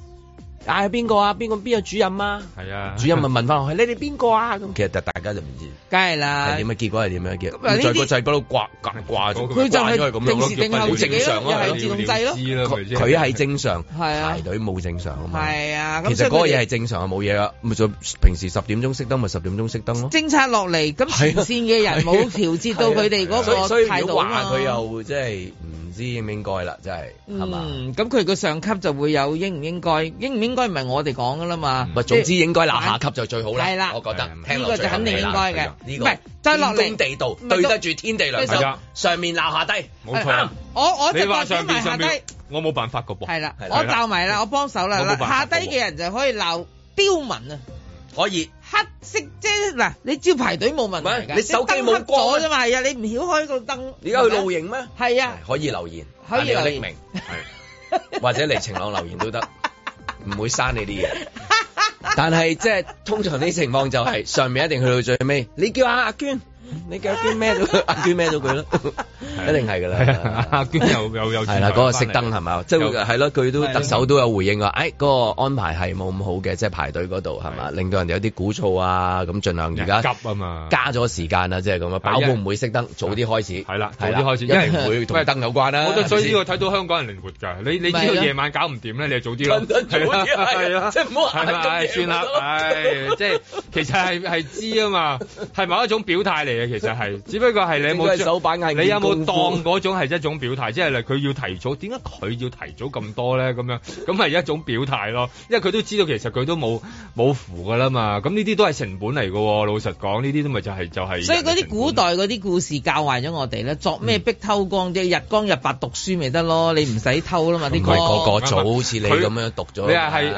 嗌邊個啊？邊個邊個主任啊？係啊，主任咪問翻我，你哋邊個啊？咁其實大大家就唔知，梗係啦。係點啊？結果係點啊？叫個掣喺嗰度掛掛掛住，佢就係咁樣，定時定候正常又係自動掣咯。知啦，佢知佢係正常，排隊冇正常啊嘛。係啊，咁其實嗰個嘢係正常啊，冇嘢啊。咪就平時十點鐘熄燈咪十點鐘熄燈咯。政策落嚟，咁前線嘅人冇調節到佢哋嗰個態度啊嘛。佢又即係唔知應唔應該啦，即係係嘛。咁佢個上級就會有應唔應該，應唔？應該唔係我哋講噶啦嘛，唔係，總之應該鬧下級就最好啦。係啦，我覺得聽落就肯定應該嘅。呢個唔係真係天公地道，對得住天地良心。上面鬧下低，冇錯。我我我就覺得唔係下低，我冇辦法噶噃。係啦，我鬧埋啦，我幫手啦。下低嘅人就可以鬧刁民啊，可以。黑色即係嗱，你只要排隊冇問題，你手機冇光啫嘛，係啊，你唔曉開個燈。而家去露營咩？係啊，可以留言，可以匿名，係或者嚟晴朗留言都得。唔 會刪你啲嘢，但係即係通常啲情況就係、是、上面一定去到最尾，你叫阿、啊、阿娟，你叫阿娟咩到佢，阿娟咩到佢咯。 一定係噶啦，阿娟、啊啊、又又有，係、啊、啦，嗰、啊嗰個熄燈係嘛？即係係咯，佢都特首都有回應話，誒嗰、哎嗰個安排係冇咁好嘅，即、就、係、是、排隊嗰度係嘛，令到人哋有啲鼓噪啊咁，儘量而家急啊嘛，加咗時間啦，即係咁啊，確保唔會熄燈，早啲開始係啦，早啲開始，一定唔會同燈有關啦。好多，所以呢個睇到香港人靈活㗎，你你知道夜晚搞唔掂咧，你就早啲咯，係啊，即係唔好係咪？係算啦，係即係其實係係知啊嘛，係某一種表態嚟嘅，其實係只不過係你冇，手板硬，你有冇？啊。當嗰種係一種表態，即係嚟佢要提早，點解佢要提早咁多咧？咁樣咁係一種表態咯，因為佢都知道其實佢都冇冇符噶啦嘛。咁呢啲都係成本嚟噶，老實講呢啲都咪就係就係。所以嗰啲古代嗰啲故事教壞咗我哋咧，作咩壁偷光啫？日光日白讀書咪得咯，你唔使偷啊嘛。呢個個早好似你咁樣讀咗，你係係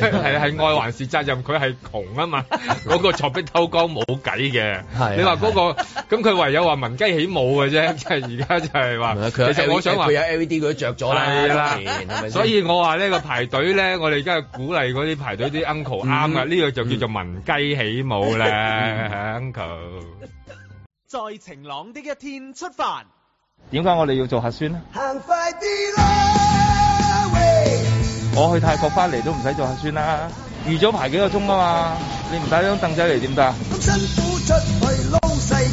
係係愛還是責任？佢係窮啊嘛，嗰個鑿壁偷光冇計嘅。係你話嗰個咁佢唯有話聞雞起舞嘅啫。而家就係話，其實我想話佢有 L V D，佢都著咗啦，所以我話呢個排隊呢，我哋而家係鼓勵嗰啲排隊啲 uncle 啱啊！呢個就叫做聞雞起舞啦，uncle。在晴朗的一天出發。點解我哋要做核酸咧？行快啲啦喂！我去泰國翻嚟都唔使做核酸啦，預早排幾個鐘啊嘛，你唔帶張凳仔嚟點得？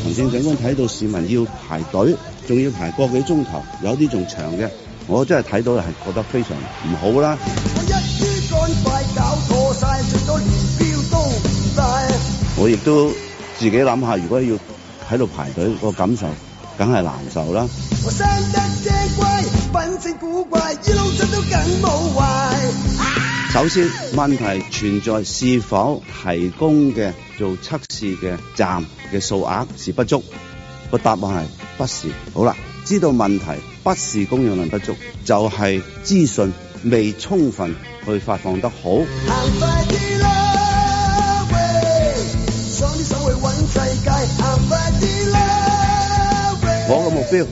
行政長官睇到市民要排隊，仲要排個幾鐘頭，有啲仲長嘅，我真係睇到係覺得非常唔好啦。我亦都，都自己諗下，如果要喺度排隊，個感受梗係難受啦。我生得正乖，品性古怪首先問題存在是否提供嘅做測試嘅站嘅數額是不足？個答案係不是。好啦，知道問題不是供應能不足，就係資訊未充分去發放得好。想想我個目標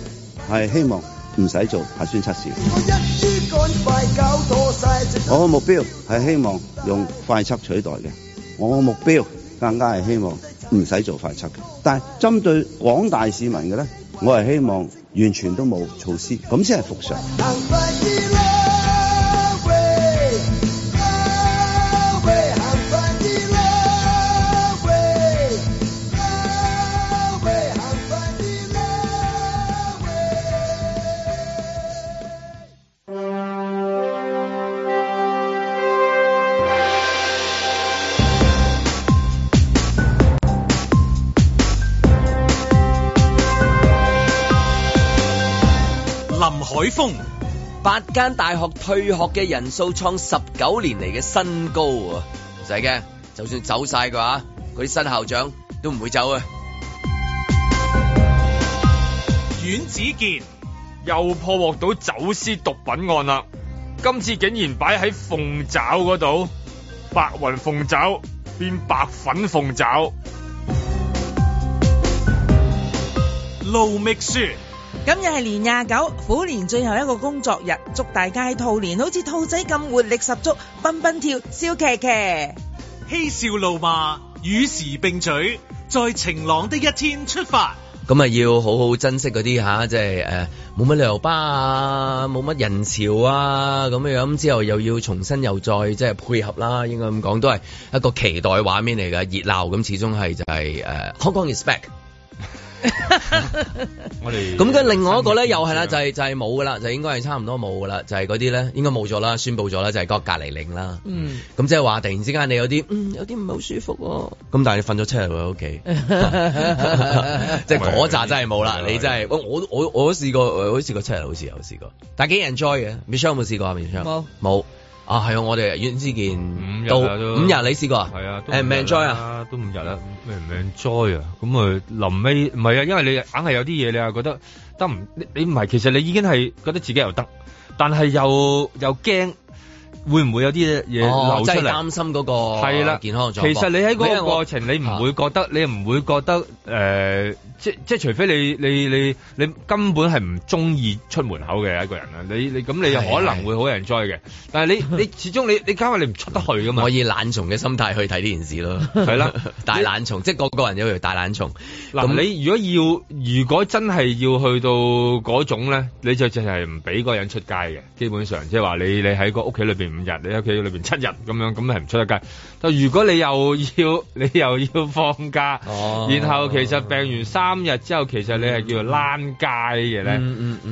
係希望唔使做核酸測試。我嘅目標係希望用快測取代嘅，我嘅目標更加係希望唔使做快測嘅。但係針對廣大市民嘅咧，我係希望完全都冇措施，咁先係復常。風八間大學退學嘅人數創十九年嚟嘅新高啊！唔使驚，就算走晒嘅話，佢新校長都唔會走啊！阮子健又破獲到走私毒品案啦，今次竟然擺喺鳳爪嗰度，白雲鳳爪變白粉鳳爪。盧覓雪。今日係年廿九，虎年最後一個工作日，祝大家喺兔年好似兔仔咁活力十足，蹦蹦跳，笑騎騎，嬉笑怒罵，與時並舉，在晴朗的一天出發。咁啊，要好好珍惜嗰啲吓，即係誒，冇乜旅遊巴啊，冇、就、乜、是呃、人潮啊，咁樣之後又要重新又再即係、就是、配合啦，應該咁講，都係一個期待畫面嚟噶，熱鬧咁始終係就係、是、誒、呃、Hong Kong Respect。 我哋咁嘅另外一個咧，又係啦，就係、係、就係冇噶啦，就係就係、 就應該係差唔多冇噶啦，就係嗰啲咧應該冇咗啦，宣佈咗啦，就係、係、嗰個隔離令啦。嗯，咁即係話突然之間你有啲，嗯，有啲唔係好舒服，啊。咁但係你瞓咗七日喺屋企，即係嗰扎真係冇啦。係係係係你真係我我我都試過，我都試過七日，好似有，有試過，但係幾 enjoy 嘅。Michelle 有冇試過啊？Michelle 冇冇。啊，係啊！我哋遠之件五日五日，你試過？係啊，誒，enjoy 啊，都五日啦，咩唔 enjoy 啊？咁啊，臨尾唔係啊，因為你硬係有啲嘢，你又覺得得唔？你你唔係，其實你已經係覺得自己又得，但係又又驚。會唔會有啲嘢流出，即係擔心嗰個係啦健康狀其實你喺嗰個過程，你唔會覺得，啊、你唔會覺得誒、呃？即即係除非你你你你根本係唔中意出門口嘅一個人啦。你你咁你可能會好有人 y 嘅。但係你你始終你你加為你唔出得 去噶嘛。我以懶蟲嘅心態去睇呢件事咯。係 啦，大懶蟲，即係個個人叫做大懶蟲。嗱，你如果要如果真係要去到嗰種咧，你就淨係唔俾個人出街嘅。基本上即係話你你喺個屋企裏邊。五日你喺屋企裏邊七日咁樣，咁係唔出得街。但如果你又要你又要放假，然後其實病完三日之後，其實你係叫做躝街嘅咧，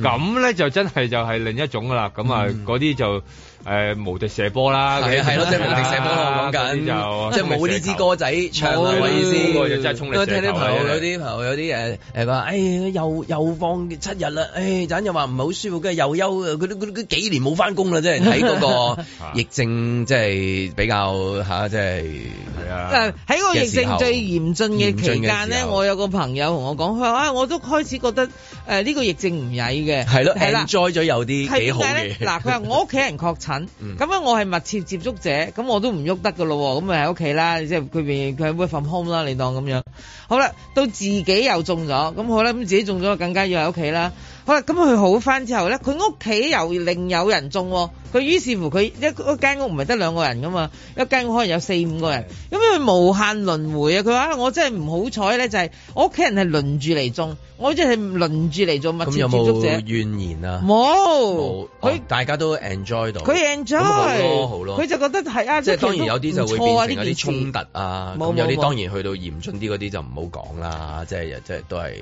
咁咧就真係就係另一種噶啦。咁啊，嗰啲就。誒無敵射波啦，係係咯，即係無敵射波啦，我講緊就即係冇呢支歌仔唱啦嘅意思。嗰日真係衝你射波。有啲朋友有啲誒誒話，哎又又放七日啦，哎陣又話唔係好舒服，跟住又休，佢都佢都幾年冇翻工啦，即係喺嗰個疫症即係比較嚇，即係係啊。誒喺個疫症最嚴峻嘅期間咧，我有個朋友同我講，佢話啊我都開始覺得誒呢個疫症唔曳嘅。係咯，enjoy 咗有啲幾好嘅。係點解咧？嗱，佢話我屋企人確診。咁、嗯、樣我係密切接觸者，咁我都唔喐得噶咯喎，咁咪喺屋企啦，即係佢便佢喺 Work from Home 啦，你當咁樣。好啦，到自己又中咗，咁好啦，咁自己中咗更加要喺屋企啦。好啦，咁佢好翻之後咧，佢屋企又另有人種、啊，佢於是乎佢一間間屋唔係得兩個人噶嘛，一間屋可能有四五個人，咁佢無限輪迴啊！佢話、就是：我真係唔好彩咧，就係我屋企人係輪住嚟種，我真係輪住嚟做密切接觸者。冇怨言啊，冇，佢、哦、大家都 enjoy 到，佢 enjoy，好咯好咯，佢就覺得係啊，即係當然有啲就會出現啲衝突啊，有啲當然去到嚴峻啲嗰啲就唔好講啦，即係即係都係。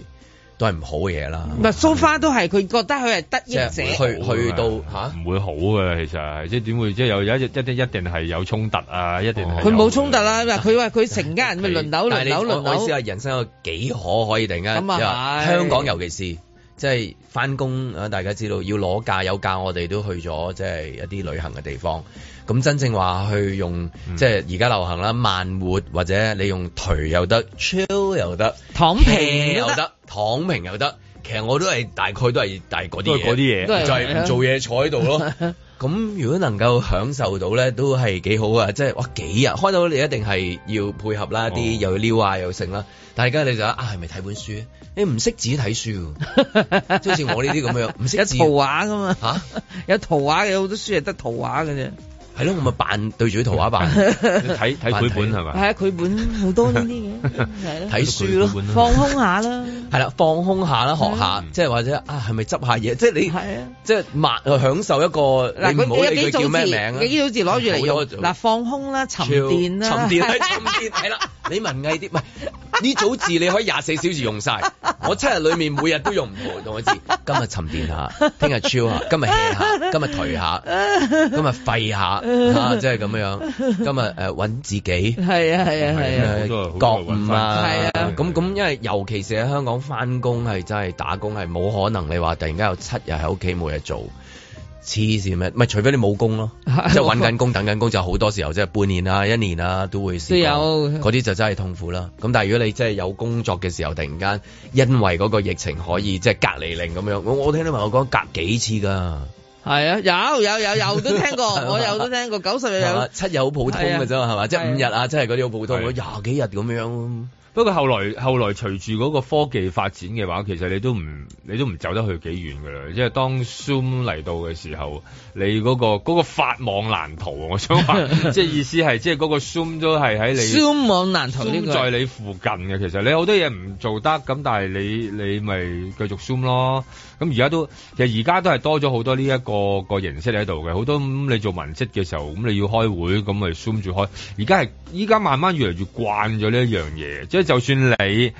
都係唔好嘅嘢啦、嗯。唔係，蘇花都係佢覺得佢係得益者。去去到吓唔會好嘅、啊、其實，即係點會？即係有有一一啲一定係有衝突啊，一定係。佢、哦、冇衝突啦、啊。佢話佢成家人咪輪流 輪流，我意思係人生有幾可可以突然間？咁啊、就是、香港尤其是即係返工啊，大家知道要攞假有假，我哋都去咗即係一啲旅行嘅地方。咁真正話去用，即係而家流行啦，慢活或者你用頹又得，chill 又得，躺平又得，躺平又得。其實我都係大概都係大嗰啲嘢，嗰啲嘢就係、是、唔做嘢坐喺度咯。咁 如果能夠享受到咧，都係幾好啊！即係哇，幾日開到你一定係要配合啦，啲、哦、又撩啊，又剩啦。大家你就啊，係咪睇本書？你唔識自己睇書，即係好似我呢啲咁樣，唔識字。有圖畫噶嘛？吓、啊，有圖畫嘅，好多書係得圖畫嘅啫。係咯，我咪扮對住啲圖畫，扮睇睇繪本係咪？係 啊，繪本好多呢啲嘢，咯， 睇書咯，放空下啦。係 啦，放空下啦， 學下，啊、即係或者啊，係咪執下嘢？即係你，啊、即係慢享受一個。嗱，佢有咩名，啊。你呢組字攞住嚟嗱，放空啦，沉澱啦，沉澱係 沉澱。係啦， 你文藝啲，唔係呢組字你可以廿四小時用晒。 我七日裏面每日都用唔同同我知，今日沉澱下，聽日 chill 下，今日 hea 下，今日頹下，今日廢下，下，啊，即係咁樣，今日誒揾自己，係啊係啊係啊，覺悟啊，係啊，咁咁因為尤其是喺香港翻工係真係打工係冇可能，你話突然間有七日喺屋企冇嘢做。黐線咩？咪除非你冇工咯，即係揾緊工、等緊工，就好多時候即係、就是、半年啊、一年啊都會有。嗰啲就真係痛苦啦。咁但係如果你真係有工作嘅時候，突然間因為嗰個疫情可以即係、就是、隔離令咁樣，我我聽到朋友講隔幾次㗎。係啊，有有有有都聽過， 我有都聽過。九十日有七日好普通嘅啫，係嘛、啊？即係、就是、五日啊，即係嗰啲好普通，廿、啊、幾日咁樣。不過後來後來隨住嗰個科技發展嘅話，其實你都唔你都唔走得去幾遠噶啦，即係當 zoom 嚟到嘅時候，你嗰個嗰個法網難逃，我想話， 即係意思係即係嗰個 zoom 都係喺你、zoom、網難逃呢個、zoom、在你附近嘅，其實你好多嘢唔做得，咁但係你你咪繼續 zoom 咯。咁而家都，其實而家都係多咗好多呢、這、一個個形式喺度嘅，好多、嗯、你做文職嘅時候，咁、嗯、你要開會，咁、嗯、咪 Zoom 住開。而家係，依家慢慢越嚟越慣咗呢一樣嘢，即、就、係、是、就算你，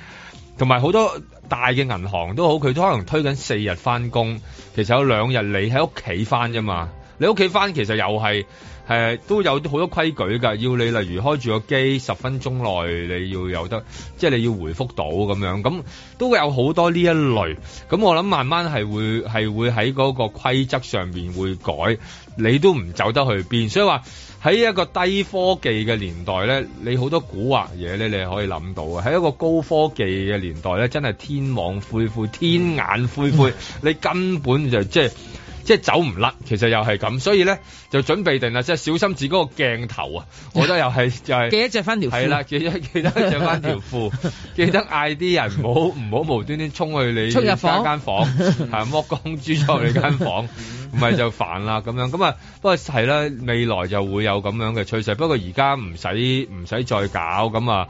同埋好多大嘅銀行都好，佢都可能推緊四日翻工，其實有兩日你喺屋企翻啫嘛，你屋企翻其實又係。誒都有好多規矩㗎，要你例如開住個機十分鐘內你要有得，即係你要回覆到咁樣，咁都有好多呢一類。咁我諗慢慢係會係會喺嗰個規則上面會改，你都唔走得去邊。所以話喺一個低科技嘅年代呢，你好多古惑嘢呢，你可以諗到。喺一個高科技嘅年代呢，真係天網恢恢，天眼恢恢，嗯、 你根本就即、是、係。即係走唔甩，其實又係咁，所以咧就準備定啦，即係小心自己嗰個鏡頭啊！我覺得又係就係記得着翻條褲，係啦，記得記得著翻條褲，記得嗌啲人唔好唔好無端端衝去你家間房，係剝光豬出你間房，唔 係就煩啦咁樣。咁啊，不過係啦，未來就會有咁樣嘅趨勢，不過而家唔使唔使再搞咁啊。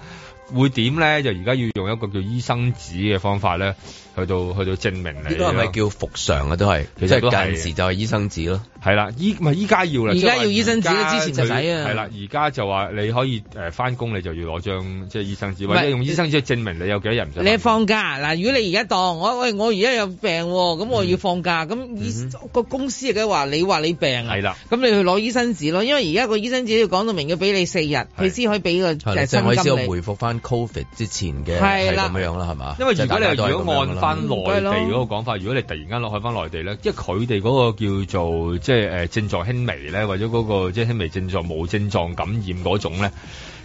會點咧？就而家要用一個叫醫生紙嘅方法咧，去到去到證明你。都係咪叫服償啊？都係，其實嗰陣時就係醫生紙咯。係啦，醫唔係依家要啦。而家要醫生紙，之前就使啊。係啦，而家就話你可以誒翻工，呃、你就要攞張即係醫生紙，或者用醫生紙去證明你有幾多日唔想。你放假嗱？如果你而家當我喂我而家有病、啊，咁我要放假，咁、嗯、醫、嗰個公司嘅話，你話你病啊？係啦。咁你去攞醫生紙咯，因為而家個醫生紙要講到明，要俾你四日，佢先可以俾個誒薪金你。即係可以回復翻。Covid 之前嘅係咁樣樣啦，係嘛？因為如果你如果按翻內地嗰個講法，如果你突然間落去翻內地咧，即係佢哋嗰個叫做即係誒症狀輕微咧，或者嗰個即係輕微症狀冇症狀感染嗰種咧，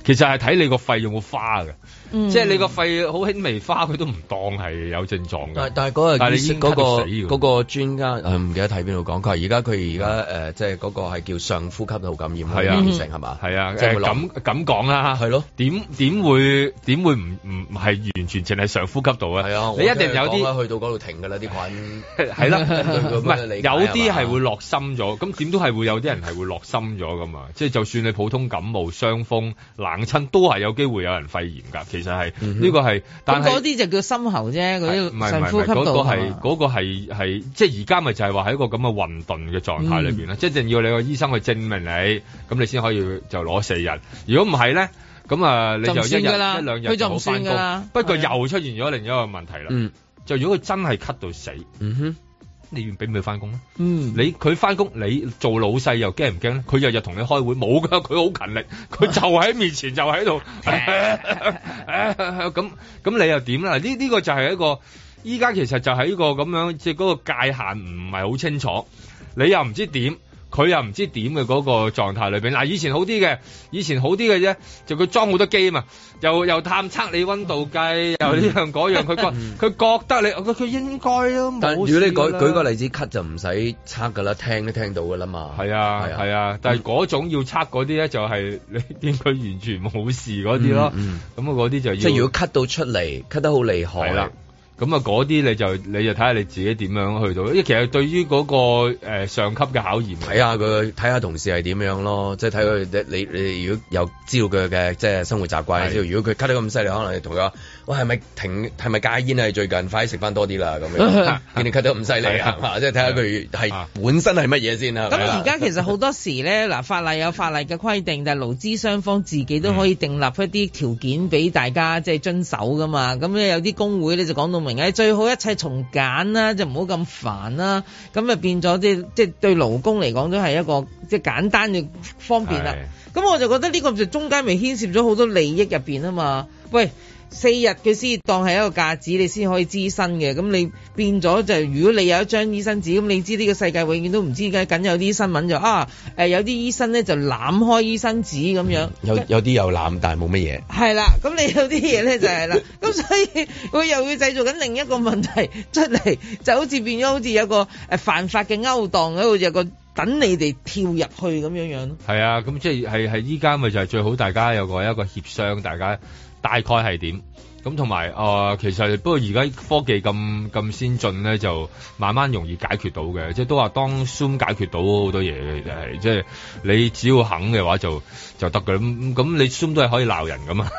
其實係睇你個肺有冇花嘅。即係你個肺好輕微花，佢都唔當係有症狀噶。但係嗰個醫生嗰個嗰個專家，誒唔記得睇邊度講，佢話而家佢而家誒，即係嗰個係叫上呼吸道感染嘅炎症係嘛？係啊，即係咁咁講啦。係咯？點點會點會唔唔係完全淨係上呼吸道咧？係啊，你一定有啲去到嗰度停噶啦，啲菌係啦，唔係有啲係會落深咗。咁點都係會有啲人係會落深咗噶嘛？即係就算你普通感冒、傷風、冷親，都係有機會有人肺炎噶。其實。就呢、是、個係、嗯，但嗰啲、那個、就叫深喉啫，嗰啲神呼吸道、那個係，嗰係、那個那個、即係而家咪就係話喺一個咁嘅混沌嘅狀態裏面，啦、嗯，即係一定要你個醫生去證明你，咁你先可以就攞四日。如果唔係咧，咁啊你就一日一兩日佢就唔算噶啦。不過又出現咗另一個問題啦、嗯。就如果佢真係咳到死，嗯、哼。你俾唔俾佢翻工咧？嗯，你佢翻工，你做老細又驚唔驚咧？佢日日同你開會，冇噶，佢好勤力，佢就喺面前就，就喺度。咁咁，你又點啦？呢呢、呢個就係一個，依家其實就係一個咁樣，即係嗰個界限唔係好清楚，你又唔知點。佢又唔知點嘅嗰個狀態裏面。嗱以前好啲嘅，以前好啲嘅啫，就佢裝好多機啊，又又探測你溫度計，嗯、又呢樣嗰樣，佢覺佢覺得你，佢應該咯冇事啦。但如果你舉舉個例子，咳就唔使測㗎啦，聽都聽，聽到㗎啦嘛。係啊係啊，啊，但係嗰種要測嗰啲咧，就係你應該完全冇事嗰啲咯。咁嗰啲就要。即係如果咳到出嚟，咳得好厲害。咁啊，嗰啲你就你就睇下你自己點樣去到。因為其實對於嗰個、呃、上級嘅考驗，睇下佢睇下同事係點樣咯，即係睇佢你你你如果有知道佢嘅即係生活習慣。即如如果佢 cut 得咁犀利，可能你同佢。喂，係咪停？係咪戒煙啊？最近快食翻多啲啦，咁樣見你咳得咁犀利，啊即係睇下佢係本身係乜嘢先啦。咁而家其實好多時咧，嗱法例有法例嘅規定，但係勞資雙方自己都可以訂立一啲條件俾大家即係、就是、遵守噶嘛。咁有啲工會咧就講到明最好一切從簡啦，就唔好咁煩啦。咁就變咗即即對勞工嚟講都係一個即簡單嘅方便啦。咁我就覺得呢個就中間咪牽涉咗好多利益入邊啊嘛。喂！四日佢先當係一個架子，你先可以資深嘅。咁你變咗就係，如果你有一張醫生紙，咁你知呢個世界永遠都唔知梗有啲新聞就啊，誒有啲醫生咧就攬開醫生紙咁樣。有有啲又攬，但係冇乜嘢。係啦，咁你有啲嘢咧就係啦，咁 所以佢又要製造緊另一個問題出嚟，就好似變咗好似有一個誒犯法嘅勾當喺度，有個等你哋跳入去咁樣樣。係啊，咁即係係係依家咪就係最好大家有個一個協商，大家。大概係點咁，同埋誒，其實不過而家，科技咁咁先進咧，就慢慢容易解決到嘅。即係都話當 Zoom 解決到好多嘢嘅，係、就係、即係你只要肯嘅話就就得㗎。咁你 Zoom 都係可以鬧人噶嘛？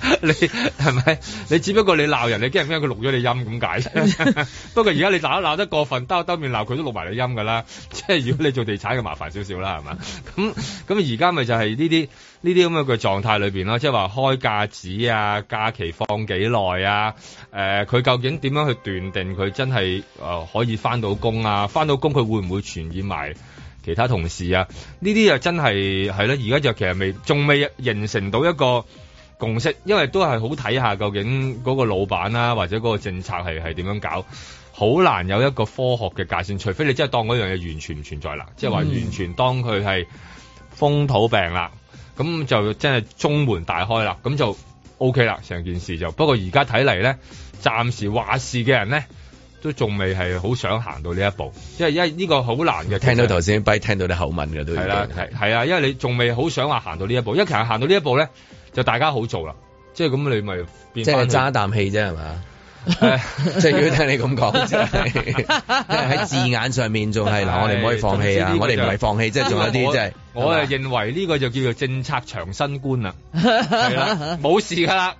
你係咪？你只不過你鬧人，你驚唔驚佢錄咗你音咁解？ 不過而家你鬧鬧得過分，兜兜面鬧佢都錄埋你音噶啦。即係如果你做地產嘅麻煩少少啦，係嘛？咁咁而家咪就係呢啲。呢啲咁樣嘅狀態裏邊啦，即係話開假紙啊，假期放幾耐啊？誒、呃，佢究竟點樣去斷定佢真係誒、呃、可以翻到工啊？翻到工佢會唔會傳染埋其他同事啊？呢啲又真係係啦，而家就其實未仲未形成到一個共識，因為都係好睇下究竟嗰個老闆啦、啊，或者嗰個政策係係點樣搞，好難有一個科學嘅界線，除非你真係當嗰樣嘢完全唔存在啦、嗯，即係話完全當佢係風土病啦。咁就真係中門大開啦，咁就 OK 啦，成件事就。不過而家睇嚟咧，暫時話事嘅人咧都仲未係好想行到呢一步，因為因呢個好難嘅。聽到頭先 b 聽到啲口吻嘅都係啦，係啊，因為你仲未好想話行到呢一步，因為其實行到呢一步咧就大家好做啦，即係咁你咪變翻揸，就是、一啖氣啫係嘛。即係如果聽你咁講，因為喺字眼上面仲係嗱，我哋唔可以放棄啊、 就是！我哋唔係放棄，即係仲有啲即係。我啊認為呢個就叫做政策長新官 係係冇係 啊！冇事噶啦。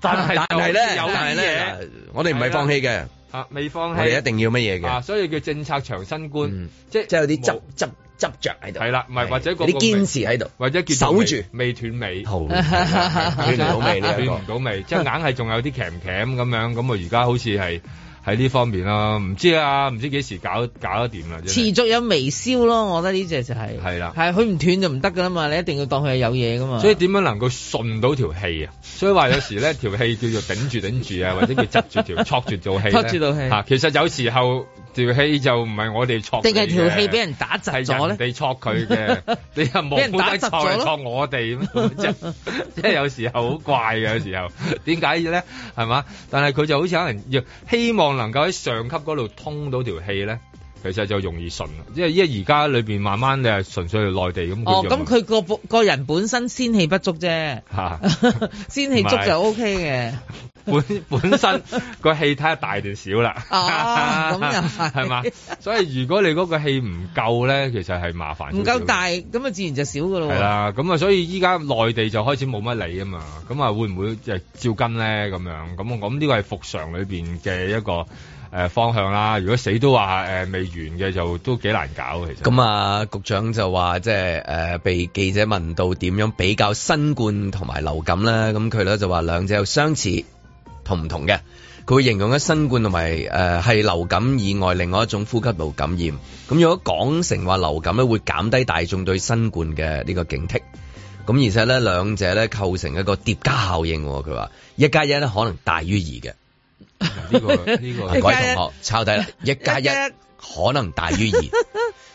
但係但係咧，有係咧，我哋唔係放棄嘅，我未放棄，我哋一定要乜嘢嘅，所以叫政策長新官，嗯、即即係有啲執執。執著喺度，係啦，唔係或者你堅持喺度，或者，個或者叫守住未斷尾，斷唔到尾，斷唔到、 那個、 即係硬係仲有啲頸頸咁樣，咁啊而家好似係喺呢方面啦唔知啊，唔知幾時搞搞得掂啦，持續有微燒咯，我覺得呢隻就係係啦，係佢唔斷就唔得噶啦嘛，你一定要當佢係有嘢噶嘛，所以點樣能夠順到條氣啊？所以話有時咧 條氣叫做頂住頂住啊，或者叫執住條撮住條氣，住條其實有時候。條氣就唔係我哋錯，定係條氣俾人打滯咗咧？ 你錯佢嘅，你又冇得錯啊？錯我哋即係有時候好怪嘅，有時候點解嘅咧？係嘛？但係佢就好似可能要希望能夠喺上級嗰度通到條氣咧，其實就容易順即因為因為而家裏邊慢慢誒純粹去內地咁。哦，咁佢個個人本身仙氣不足啫、啊，仙氣足就 OK 嘅。本 本身個氣太大定少啦，咁又係，係嘛？所以如果你嗰個氣唔夠咧，其實係麻煩。唔夠大咁啊，就自然就少噶咯。係啦，咁啊，所以依家內地就開始冇乜理啊嘛。咁啊，會唔會照跟咧？咁樣咁我咁呢個係復常裏面嘅一個方向啦。如果死都話呃、未完嘅，就都幾難搞其實。咁啊，局長就話即係誒、呃、被記者問到點樣比較新冠同埋流感咧？咁佢咧就話兩者有相似。同唔同嘅？佢會形容咧，新冠同埋誒係流感以外另外一種呼吸道感染。咁如果講成話流感咧，會減低大眾對新冠嘅呢個警惕。咁而且咧，兩者咧構成一個疊加效應。佢話一加一咧可能大於二嘅。呢個呢個，各位同學 抄低啦，一加一。可能大於二、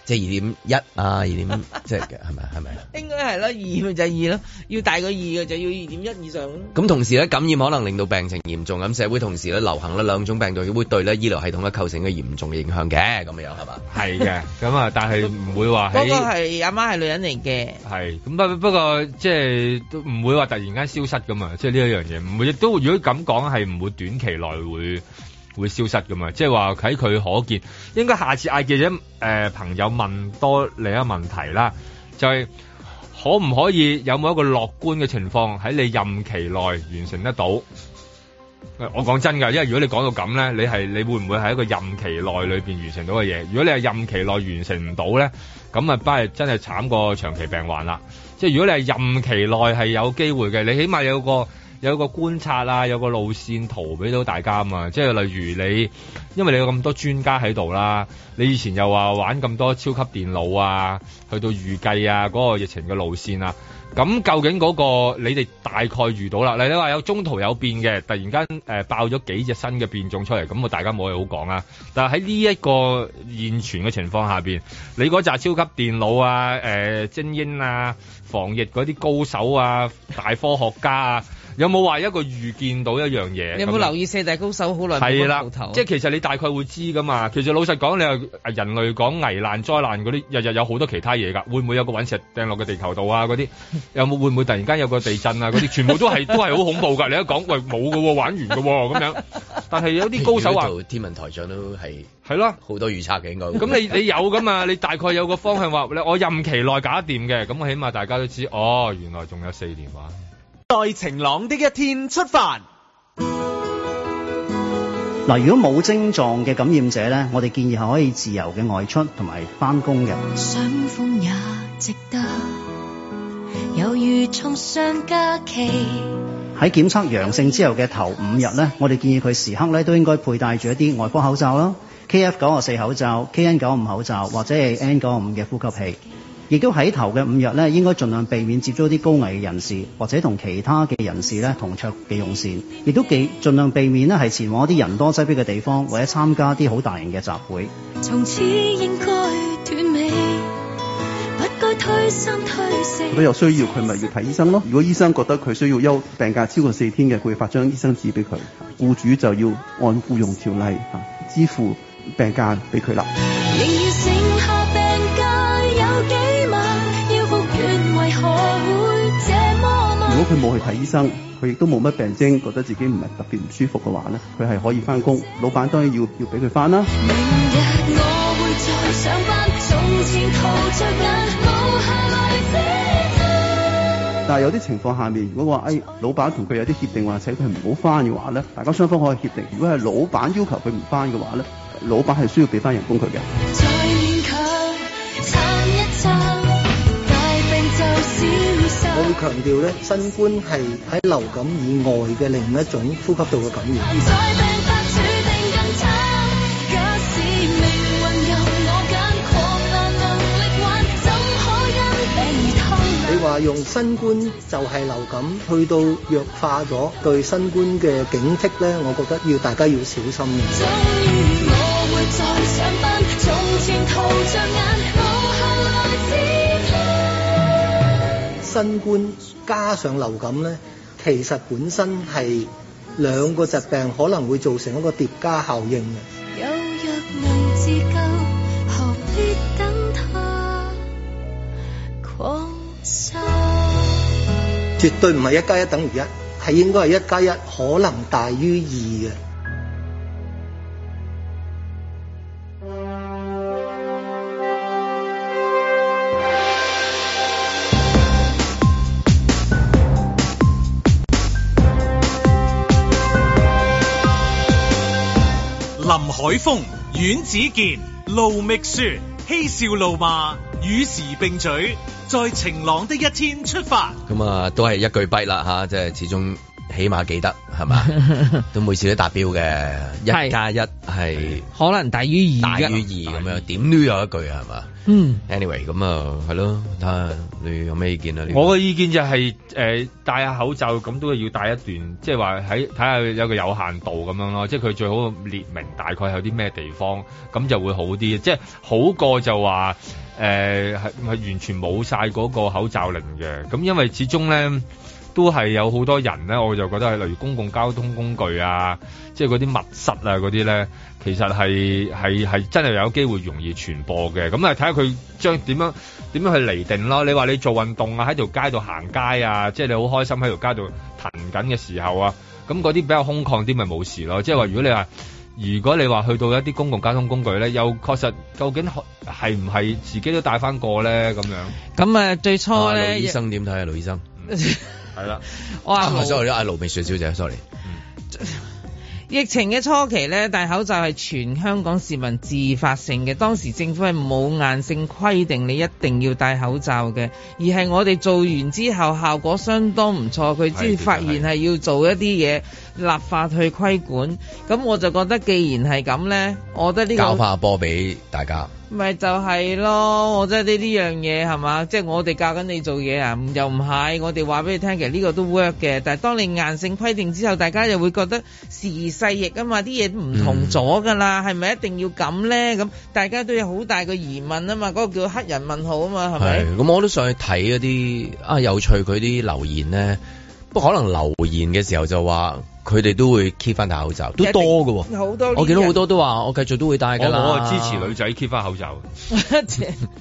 就係，即係二點一啊，二點即係嘅，係咪？係咪？應該係啦，二咪就係二咯，要大過二嘅就要二點一以上。咁同時咧，感染可能令到病情嚴重，咁社會同時咧流行呢兩種病毒，會對咧醫療系統咧構成一個嚴重嘅影響嘅，咁樣係嘛？係嘅，咁啊，但係唔會話。 不過係阿媽係女人嚟嘅。係，咁不不過即係都唔會話突然間消失㗎嘛，即係呢一樣嘢，唔會亦都如果咁講係唔會短期內會。會消失㗎嘛，即係話喺佢可見，應該下次嗌記者誒、呃、朋友問多另一個問題啦，就係、是、可唔可以有冇一個樂觀嘅情況喺你任期內完成得到？我講真噶，因為如果你講到咁咧，你係你會唔會喺一個任期內裏邊完成到嘅嘢？如果你係任期內完成唔到咧，咁啊不係真係慘過長期病患啦。即係如果你係任期內係有機會嘅，你起碼有個。有個觀察啊，有個路線圖俾到大家啊嘛，即係例如你，因為你有咁多專家喺度啦，你以前又話玩咁多超級電腦啊，去到預計啊嗰個疫情嘅路線啊，咁究竟嗰個你哋大概遇到啦？你你話有中途有變嘅，突然間誒爆咗幾隻新嘅變種出嚟，咁我大家冇嘢好講啦。但係喺呢一個現存嘅情況下邊，你嗰扎超級電腦啊，誒精英啊，防疫嗰啲高手啊， 大科學家啊。有冇話一個預見到一樣嘢？你有冇留意四大高手好耐冇露係啦，即係其實你大概會知噶嘛？其實老實講，你人類講危難災難嗰啲，日日有好多其他嘢噶。會唔會有個隕石掟落個地球度啊？嗰啲 有冇會唔會突然間有個地震啊？嗰啲全部都係都係好恐怖噶。你一講喂冇噶，玩完噶咁樣。但係有啲高手話天文台長都係係咯，好多預測嘅應該。咁 你你有噶嘛？你大概有個方向話，我任期內搞掂嘅，咁我起碼大家都知。哦，原來仲有四年玩。在晴朗的一天出發。嗱，如果冇症狀嘅感染者咧，我哋建議係可以自由嘅外出同埋翻工嘅。傷風也值得，猶如重上假期。喺檢測陽性之後嘅頭五日咧，我哋建議佢時刻咧都應該佩戴住一啲外科口罩啦，K F 九啊四口罩，K N 九五口罩，或者係 N 九五嘅呼吸器。亦都喺頭嘅五日咧，應該盡量避免接觸啲高危嘅人士，或者同其他嘅人士咧同桌嘅用膳，亦都幾儘量避免呢係前往一啲人多擠逼嘅地方，或者參加啲好大型嘅集會。我覺得有需要佢咪要睇醫生咯，如果醫生覺得佢需要休病假超過四天嘅，佢會發張醫生紙俾佢，雇主就要按僱傭條例支付病假俾佢啦。如果佢冇去睇醫生，佢亦都冇乜病徵，覺得自己唔係特別唔舒服嘅話咧，佢係可以翻工，老闆當然要要俾佢翻啦。明日我會再上班前來，但係有啲情況下面，如果話，哎，老闆同佢有啲協定他不要回的話，請佢唔好翻嘅話咧，大家雙方可以協定。如果係老闆要求佢唔翻嘅話咧，老闆係需要俾翻人工佢嘅。我會強調咧，新冠係喺流感以外嘅另一種呼吸道嘅感染。你話用新冠就係流感，去到弱化咗對新冠嘅警惕咧，我覺得要大家要小心嘅。新冠加上流感咧，其實本身係兩個疾病可能會造成一個疊加效應嘅。絕對唔係一加一等於一，係應該係一加一可能大於二嘅。海峰、阮子健、盧覓雪、嬉笑怒罵，與時並舉，在晴朗的一天出發。咁、嗯、啊，都係一句弊啦吓，即係始終。起碼記得係嘛，是吧 都每次都達標嘅，一加一係可能大於二，大於二咁樣，點都有一句係嘛？嗯，anyway 咁啊，係咯，睇下你有咩意見啊？我嘅意見就係、是、誒、呃、戴下口罩咁都要戴一段，即係話喺睇下有個有限度咁樣咯，即係佢最好列明大概有啲咩地方咁就會好啲，即、就、係、是、好過就話誒係咪完全冇晒嗰個口罩令嘅？咁因為始終咧。都係有好多人咧，我就覺得係例如公共交通工具啊，即係嗰啲密室啊嗰啲咧，其實係係係真係有機會容易傳播嘅。咁啊，睇下佢將點樣點樣去釐定咯。你話你做運動啊，喺條街度行街啊，即係你好開心喺條街度行緊嘅時候啊，咁嗰啲比較空曠啲咪冇事咯。即係話如果你話如果你話去到一啲公共交通工具咧，又確實究竟係唔係自己都帶翻個咧咁樣？咁啊，最初咧，劉、啊、醫生點睇啊，劉醫生？ 係啦，我啊唔係 sorry，阿盧覓雪小姐，sorry、嗯。疫情嘅初期咧，戴口罩係全香港市民自發性嘅，當時政府係冇硬性規定你一定要戴口罩嘅，而係我哋做完之後效果相當唔錯，佢先發現係要做一啲嘢立法去規管。咁我就覺得既然係咁咧，我覺得呢、呢個。交翻個波俾大家。咪 就係、是、咯，我真係呢呢樣嘢，係嘛，即係我哋教緊你做嘢啊，又唔係我哋話俾你聽，其實呢個都 work 嘅。但係當你硬性規定之後，大家又會覺得時移世易啊嘛，啲嘢都唔同咗噶啦，係、嗯、咪一定要咁咧？咁大家都有好大個疑問啊嘛，嗰、那個叫黑人問號啊嘛，係咪？咁我都想去睇嗰啲啊有趣佢啲留言咧，不過可能留言嘅時候就話。佢哋都會 keep 翻戴口罩，都多㗎喎。好多，我見到好多都話，我繼續都會戴㗎啦。我係支持女仔 keep 翻口罩。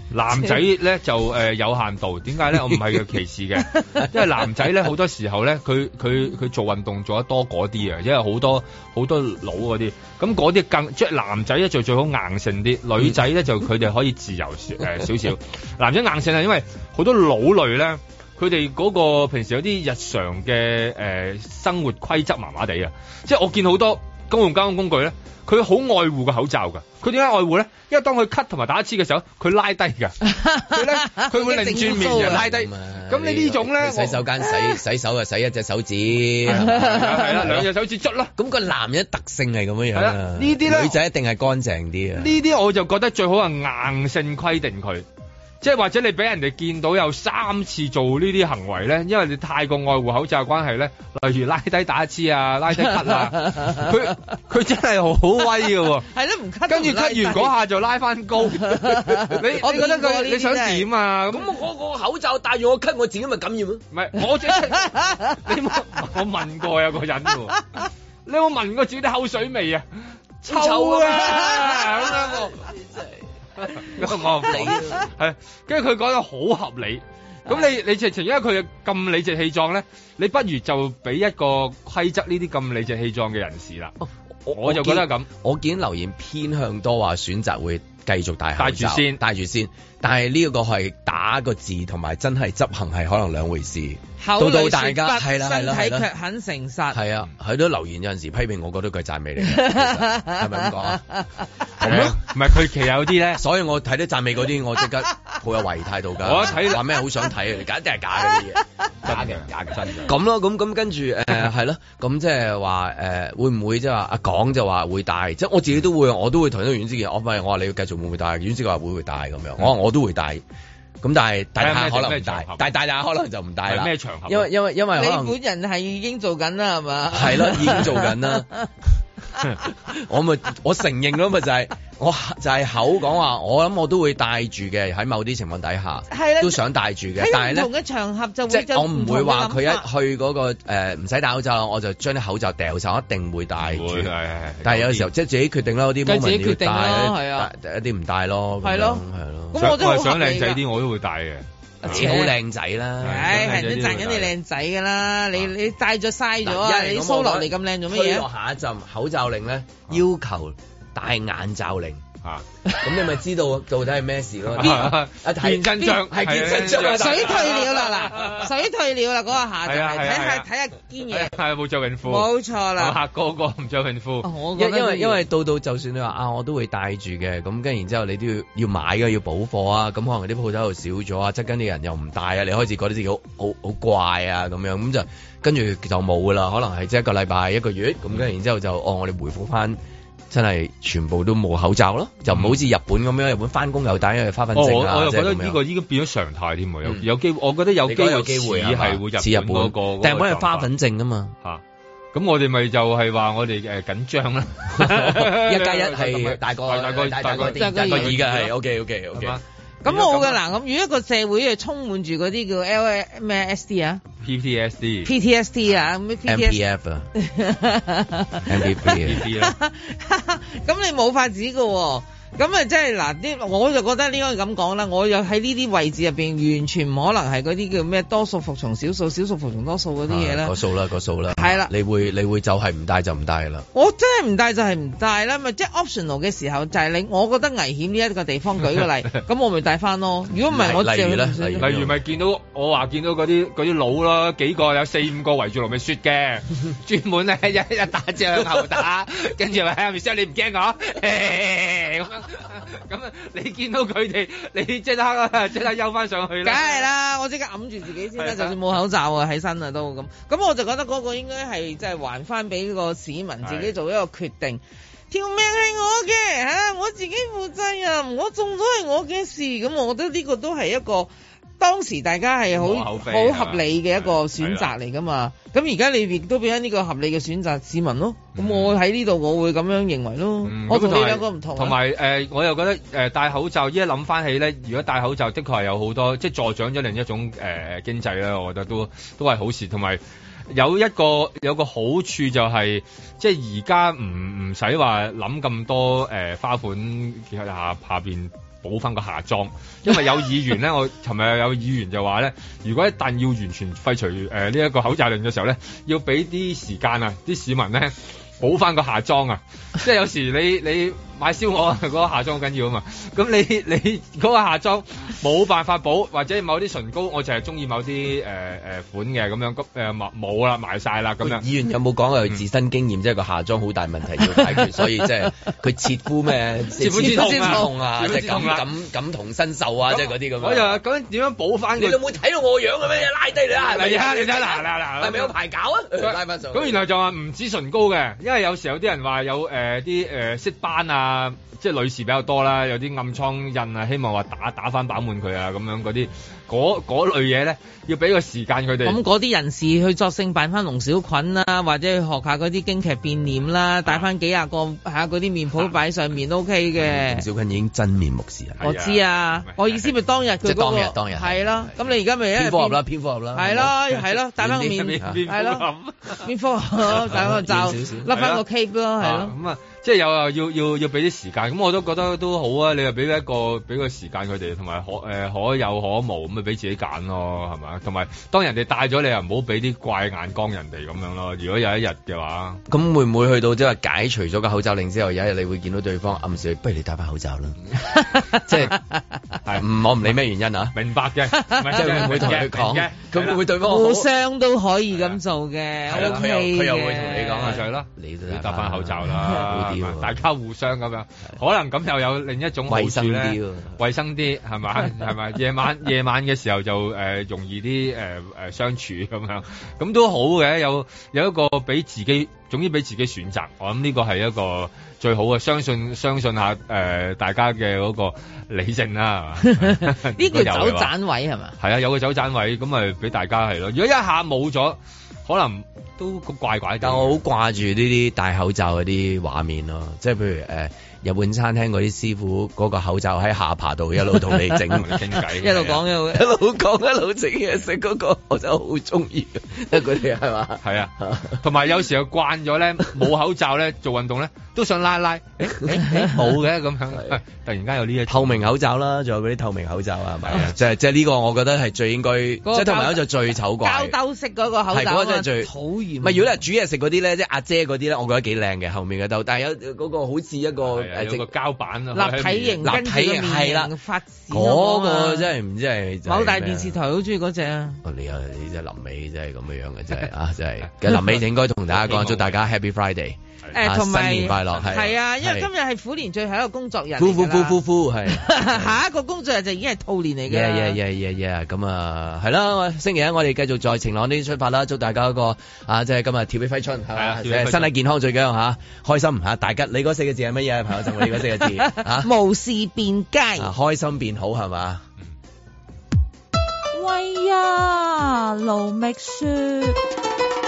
男仔咧就誒有限度，點解咧？我唔係佢歧視嘅， 因為男仔咧好多時候咧，佢佢佢做運動做得多嗰啲啊，因為好多好多腦嗰啲，咁嗰啲更即係男仔咧就最好硬性啲，女仔咧就佢哋可以自由誒少少。 男仔硬性係因為好多腦類咧。佢哋嗰個平時有啲日常嘅誒、呃、生活規則麻麻地啊，即係我見好多公用交通工具咧，佢好愛護個口罩噶，佢點解愛護咧？因為當佢咳同埋打黐嘅時候，佢拉低噶，佢咧佢會擰轉面嘅，拉低。咁、啊、你種呢種咧洗手間洗 洗手啊，洗一隻手指，係啦，兩 隻手指捽啦。咁、個男人特性係咁樣樣、啊、呢啲咧女仔一定係乾淨啲啊！呢啲我就覺得最好係硬性規定佢。即係或者你俾人哋見到有三次做呢啲行為咧，因為你太過愛護口罩關係咧，例如拉低打針啊、拉低咳啊，佢佢真係好威㗎喎。係咯，唔咳。跟住咳完嗰下就拉翻高。你，我覺得佢你想點啊？咁我個口罩戴住我咳，我自己咪感染咯？唔係，我即係你我問過有個人喎，你有冇聞過自己啲口水味啊？臭啊！ 嗯、我唔理，係，跟住佢講得好合理，咁你你直情因為佢咁理直氣壯咧，你不如就俾一個規則呢啲咁理直氣壯嘅人士啦，哦，我就覺得咁，我見留言偏向多話選擇會。繼續帶住先，帶住先，先。但係呢個係打個字同埋真係執行係可能兩回事。到到大家係啦係啦，身體卻很誠實。係啊，佢都留言有陣時批評，我覺得佢讚美你，係咪咁講？唔係佢其實有啲咧， 是的 是的 所以我睇啲讚美嗰啲，我即刻好有懷疑態度㗎。我睇話咩好想睇，梗係啲係假嘅啲嘢，假嘅假嘅 真咁咯，咁咁跟住誒係咯，咁即係話誒會唔會即係話阿講就話會帶？即 係我自己都會， 我都會同張遠之傑， 我咪我話你要繼續。會唔會戴？院士嘅話會唔會戴？咁、嗯、樣？我我都會戴。咁但係大，大大可能帶，但大，大大可能就唔帶啦。咩場合？因為因為因為你本人係已經做緊啦，係嘛？係咯，已經做緊啦。 我咪我承認咯，咪就係我就係口講話，我諗、就是、我,我都會戴住嘅，喺某啲情況底下，係都想戴住嘅。但係咧，唔同嘅場合就、就是、我唔會話佢一去嗰、那個唔使、呃、戴口罩，我就將啲口罩掉晒。我一定會戴住。但係有時候係即係自己決定啦，嗰啲冇乜要戴，係啊，一啲唔戴咯。係咯係咯。係係係係我都會想靚仔啲，我都會戴嘅。好靚仔啦！唉，人都讚緊你靚仔㗎啦，你你，你戴咗嘥咗啊！你梳落嚟咁靚做乜嘢？我下，下一站口罩令咧，要求戴眼罩令。啊，咁你咪知道到底係咩事咯？啊， 見真章，係見真水退了啦，嗱，水退了啦，嗰、啊、個、啊啊、下就係睇下睇下堅嘢。係冇著泳褲，冇錯、啊啊啊、啦、啊。個個唔着泳褲。因為因為因為到到就算你話啊，我都會戴住嘅。咁跟然之後你都要要買嘅，要補貨啊。咁可能啲鋪頭又少咗啊，即跟啲人又唔戴啊。你開始覺得自己好好好怪啊咁樣，咁就跟住就冇啦。可能係即一個禮拜 一個月咁，跟然之後就哦、啊，我哋回覆翻。真係全部都冇口罩咯，就唔好似日本咁樣，日本返工又戴翻花粉症。我又覺得呢個已經變咗常態添，有有機會，嗯、我覺得有機會有機會、嗰個嗰個、啊。似日本嗰個，但係本係花粉症啊嘛。嚇！咁我哋咪就係話我哋誒緊張啦。 一加一係大，大，大過，大，大過，大，大過。個二嘅係，OK OK OK。咁冇㗎啦，咁如，如果一個社會係充滿住嗰啲叫 L 咩 S D 啊？PTSD。PTSD 啊，咁 PTSD 啊。咁你冇法子㗎喎、哦。咁啊，即係嗱，啲我就覺得應該咁講啦，我又喺呢啲位置入邊，完全唔可能係嗰啲叫咩多數服從少數，少數服從多數嗰啲嘢啦，個數啦，個數啦，係啦，你會你會就係唔帶就唔帶啦。我真係唔帶就係唔帶啦，咪即係 optional 嘅時候就係你，我覺得危險呢一個地方舉個例，咁 我咪帶翻咯。如果唔係我 例如咧，例如咪見到我話見到嗰啲嗰啲佬啦，幾個有四五個圍住落咪雪嘅，專 門咧一,一打仗後打，跟住咪阿你唔驚我 咁啊！你見到佢哋，你即刻啊，即刻休翻上去啦！梗係啦，我即刻揞住自己先啦。就算冇口罩啊，喺身啊都咁。咁我就覺得嗰個應該係即係還翻俾個市民自己做一個決定。條命係我嘅，我自己負責任。我中咗係我嘅事，咁我覺得呢個都係一個。當時大家係好好合理嘅一個選擇嚟㗎嘛，咁而家你亦都變咗呢個合理嘅選擇，市民咯。咁、嗯、我喺呢度我會咁樣認為咯。嗯、我跟你同你兩個唔同。同埋誒，我又覺得誒、呃、戴口罩，依家諗翻起咧，如果戴口罩的確係有好多，即係助長咗另一種誒、呃、經濟咧。我覺得都都係好事。同埋有，有一個有一個好處就係、是，即係而家唔唔使話諗咁多誒、呃、花款下下邊。補翻個夏裝，因為有議員咧，我尋日有議員就話咧，如果一旦要完全廢除誒呢一個口罩令嘅時候咧，要俾啲時間啊，啲市民咧補翻個夏裝啊，即係有時你你。買燒鵝啊！嗰、那個下裝好緊要啊嘛，咁你你嗰個下裝冇辦法補，或者某啲唇膏，我就係中意某啲誒、呃呃、款嘅咁樣，冇、呃、啦，賣晒啦咁樣。議員有冇講佢自身經驗，即係個下裝好大問題要解決， 所以即係佢切膚咩？切膚之痛啊！同啊，切切啊就是、感感感，感同身受啊，即係嗰啲咁樣。我又講點樣補翻佢、那個？有冇睇到我樣嘅咩？拉低你係咪你睇下，係咪有排搞啊？咁然後就話唔止唇膏嘅，因為有時有啲人話有啲、呃呃、色斑啊。啊，即係女士比較多啦，有啲暗瘡印啊，希望話打打翻飽滿佢啊，咁樣嗰啲，嗰嗰類嘢咧，要俾個時間佢哋。咁嗰啲人士去作興扮翻龍小菌啦，或者去學下嗰啲京劇變臉啦，戴翻、啊、幾廿個吓啲面譜擺上面、啊、OK 嘅。龍、啊、小菌已經真面目示人。我知啊，啊，我意思咪當日佢、那個、當日當日係咯。咁、啊啊啊、你而家咪蝙蝠俠啦，蝙蝠俠啦。係咯係咯，戴翻、啊啊、面係咯，蝙蝠俠戴翻、啊、 罩，甩翻、啊、個 cape 咯、啊，係咯、啊。帶即係有啊，要要要俾啲時間，咁我都覺得都好啊。你又俾一個俾個時間佢哋，同埋可、呃、可有可無，咁咪俾自己揀咯，係咪？同埋當人哋戴咗，你又唔好俾啲怪眼光人哋咁樣咯、嗯。如果有一日嘅話，咁、嗯、會唔會去到即係、就是、解除咗個口罩令之後，有一日你會見到對方暗示，不如你戴翻口罩啦？ 即係唔、啊、我唔理咩原因啊？明白嘅，即 係會唔會同佢講嘅？咁會,會對方互相都可以咁做嘅，佢又佢會同你講啊，再、okay、啦，你,、啊、你戴翻口罩啦。 大家互相咁樣，可能咁又有另一種好處呢、衛生啲衛生啲係咪？係咪 夜晚夜晚嘅時候就、呃、容易啲、呃、相處咁樣，咁都好嘅，有有一個俾自己，總之俾自己選擇。我諗呢個係一個最好嘅，相信相信下、呃、大家嘅嗰個理性啦、啊，係 嘛是吧？呢個走盞位係嘛？係啊，有個走盞位咁咪俾大家係咯，如果一下冇咗。可能都怪怪，但我好掛住呢啲戴口罩嗰啲畫面咯，即係譬如呃。呃日本餐廳嗰啲師傅嗰、嗰個口罩喺下巴度一路同你整，同你傾偈，一路講一路講一路整嘢食嗰個我就好中意，佢哋係嘛？係啊，同埋、啊啊、有時候慣咗咧冇口罩咧做運動咧都想拉拉，誒冇嘅咁樣、啊，突然間有呢啲透明口罩啦，仲有嗰啲透明口罩係咪即係即係呢個我覺得係最應該，即係同埋口罩最醜怪，膠兜式嗰個口罩是、啊嗰個、真係最討厭。咪、啊、如果係煮嘢食嗰啲咧，即係阿姐嗰啲咧，我覺得幾靚嘅後面嘅兜，但係有嗰個好似一個。係個膠板咯，立體型，立體型係啦，髮線嗰個真係唔知係某大電視台好中意嗰隻啊！你啊，你真係林尾，真係咁嘅樣嘅，真係啊，真係。其實林尾應該同大家講，祝大家 Happy Friday。新年快樂誒，同埋，係啊，啊，啊，啊，因為今日係虎年最後一個工作日，呼呼呼呼呼，係、啊、 下一個工作日就已經係兔年嚟嘅，yeah, yeah, yeah, yeah, yeah, yeah, 嗯，耶耶耶耶咁啊，係、嗯、啦、嗯嗯嗯嗯嗯，星期一我哋繼續在晴朗啲出發啦，祝大家一個啊，即、就、係、是、今日貼一揮春，係啊、嗯嗯嗯，身體健康最緊要，啊，開心吓、啊，大吉，你嗰四個字係乜嘢朋友就我哋嗰四個字啊，無事便雞，開心便好係嘛，嗯，喂啊，盧覓雪。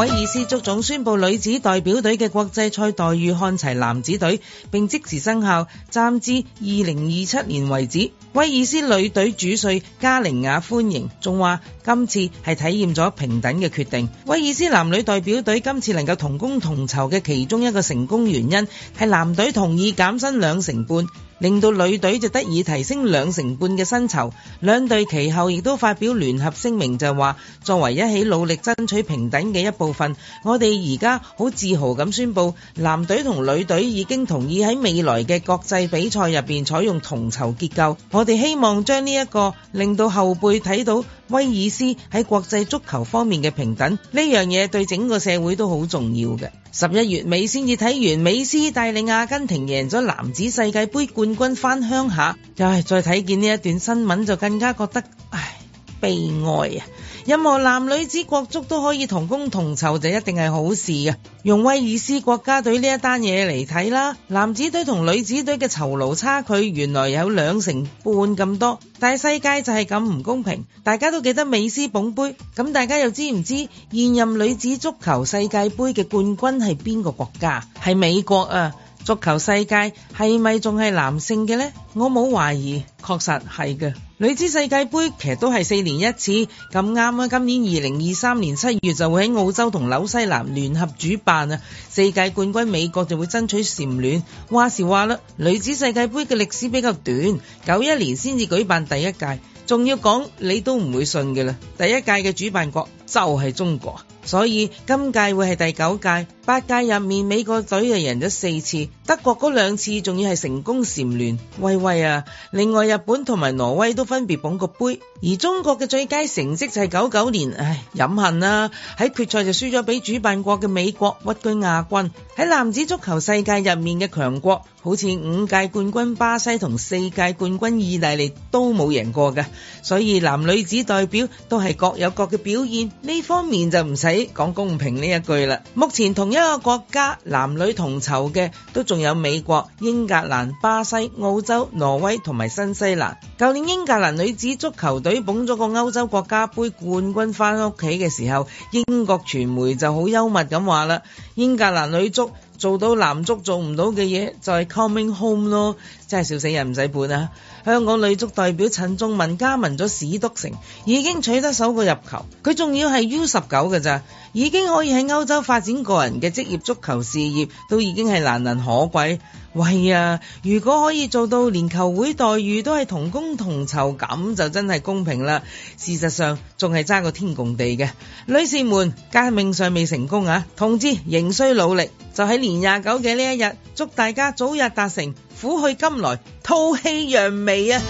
威爾斯足總宣布女子代表隊嘅國際賽待遇看齊男子隊，並即時生效，暫至二零二七年為止。威爾斯女隊主帥加尼亞歡迎，仲話今次係體驗咗平等嘅決定。威爾斯男女代表隊今次能夠同工同酬嘅其中一個成功原因，係男隊同意減薪兩成半。令到女隊就得以提升兩成半嘅薪酬，兩隊其後亦都發表聯合聲明就，就話作為一起努力爭取平等嘅一部分，我哋而家好自豪咁宣布，男隊同女隊已經同意喺未來嘅國際比賽入邊採用同酬結構，我哋希望將呢、呢、一個令到後輩睇到。威爾斯喺國際足球方面嘅平等，呢樣嘢對整個社會都好重要嘅。十一月尾先至睇完，美斯帶領阿根廷贏咗男子世界杯冠軍回，翻鄉下，又係再睇見呢一段新聞就更加覺得唉，悲哀啊！任何男女子國足都可以同工同酬，就一定係好事啊。用威爾斯國家隊呢一單嘢嚟睇啦，男子隊同女子隊嘅酬勞差距原來有兩成半咁多，但世界就係咁唔公平。大家都記得美斯捧杯，咁大家又知唔知現任女子足球世界杯嘅冠軍係邊個國家？係美國啊！足球世界係咪仲係男性嘅呢？我冇懷疑，確實係嘅。女子世界杯其實都係四年一次，咁啱啊，今年二零二三年七月就會喺澳洲同紐西蘭聯合主辦啊！世界冠軍美國就會爭取蟬聯。話時話啦，女子世界杯嘅歷史比較短，九一年先至舉辦第一屆，仲要講，你都唔會信嘅啦。第一屆嘅主辦國就係中國。所以今屆會係第九屆，八屆入面美國隊係贏咗四次，德國嗰兩次仲要係成功蟬聯，喂喂啊！另外日本同埋挪威都分別捧個杯，而中國嘅最佳成績就係九九年，唉，飲恨啊，喺決賽就輸咗俾主辦國嘅美國，屈居亞軍。喺男子足球世界入面嘅強國，好似五屆冠軍巴西同四屆冠軍意大利都冇贏過嘅，所以男女子代表都係各有各嘅表現，呢方面就唔使講公平呢一句啦。目前同一個國家男女同酬嘅都仲有美國、英格蘭、巴西、澳洲、挪威同埋新西蘭。舊年英格蘭女子足球隊捧咗個歐洲國家杯冠軍翻屋企嘅時候，英國傳媒就好幽默咁話啦：英格蘭女足做到男足做唔到嘅嘢，就係 coming home 咯，真係笑死人唔使本啊！香港女足代表陳仲文加盟咗史篤城，已經取得首個入球。佢仲要係 U 十九嘅咋，已經可以喺歐洲發展個人嘅職業足球事業，都已經係難能可貴。喂呀，如果可以做到連球會待遇都係同工同酬，咁就真係公平啦。事實上，仲係差個天共地嘅。女士們，革命尚未成功啊，同志仍需努力。就喺年廿九嘅呢一日，祝大家早日達成，苦去甘來，吐氣揚眉啊！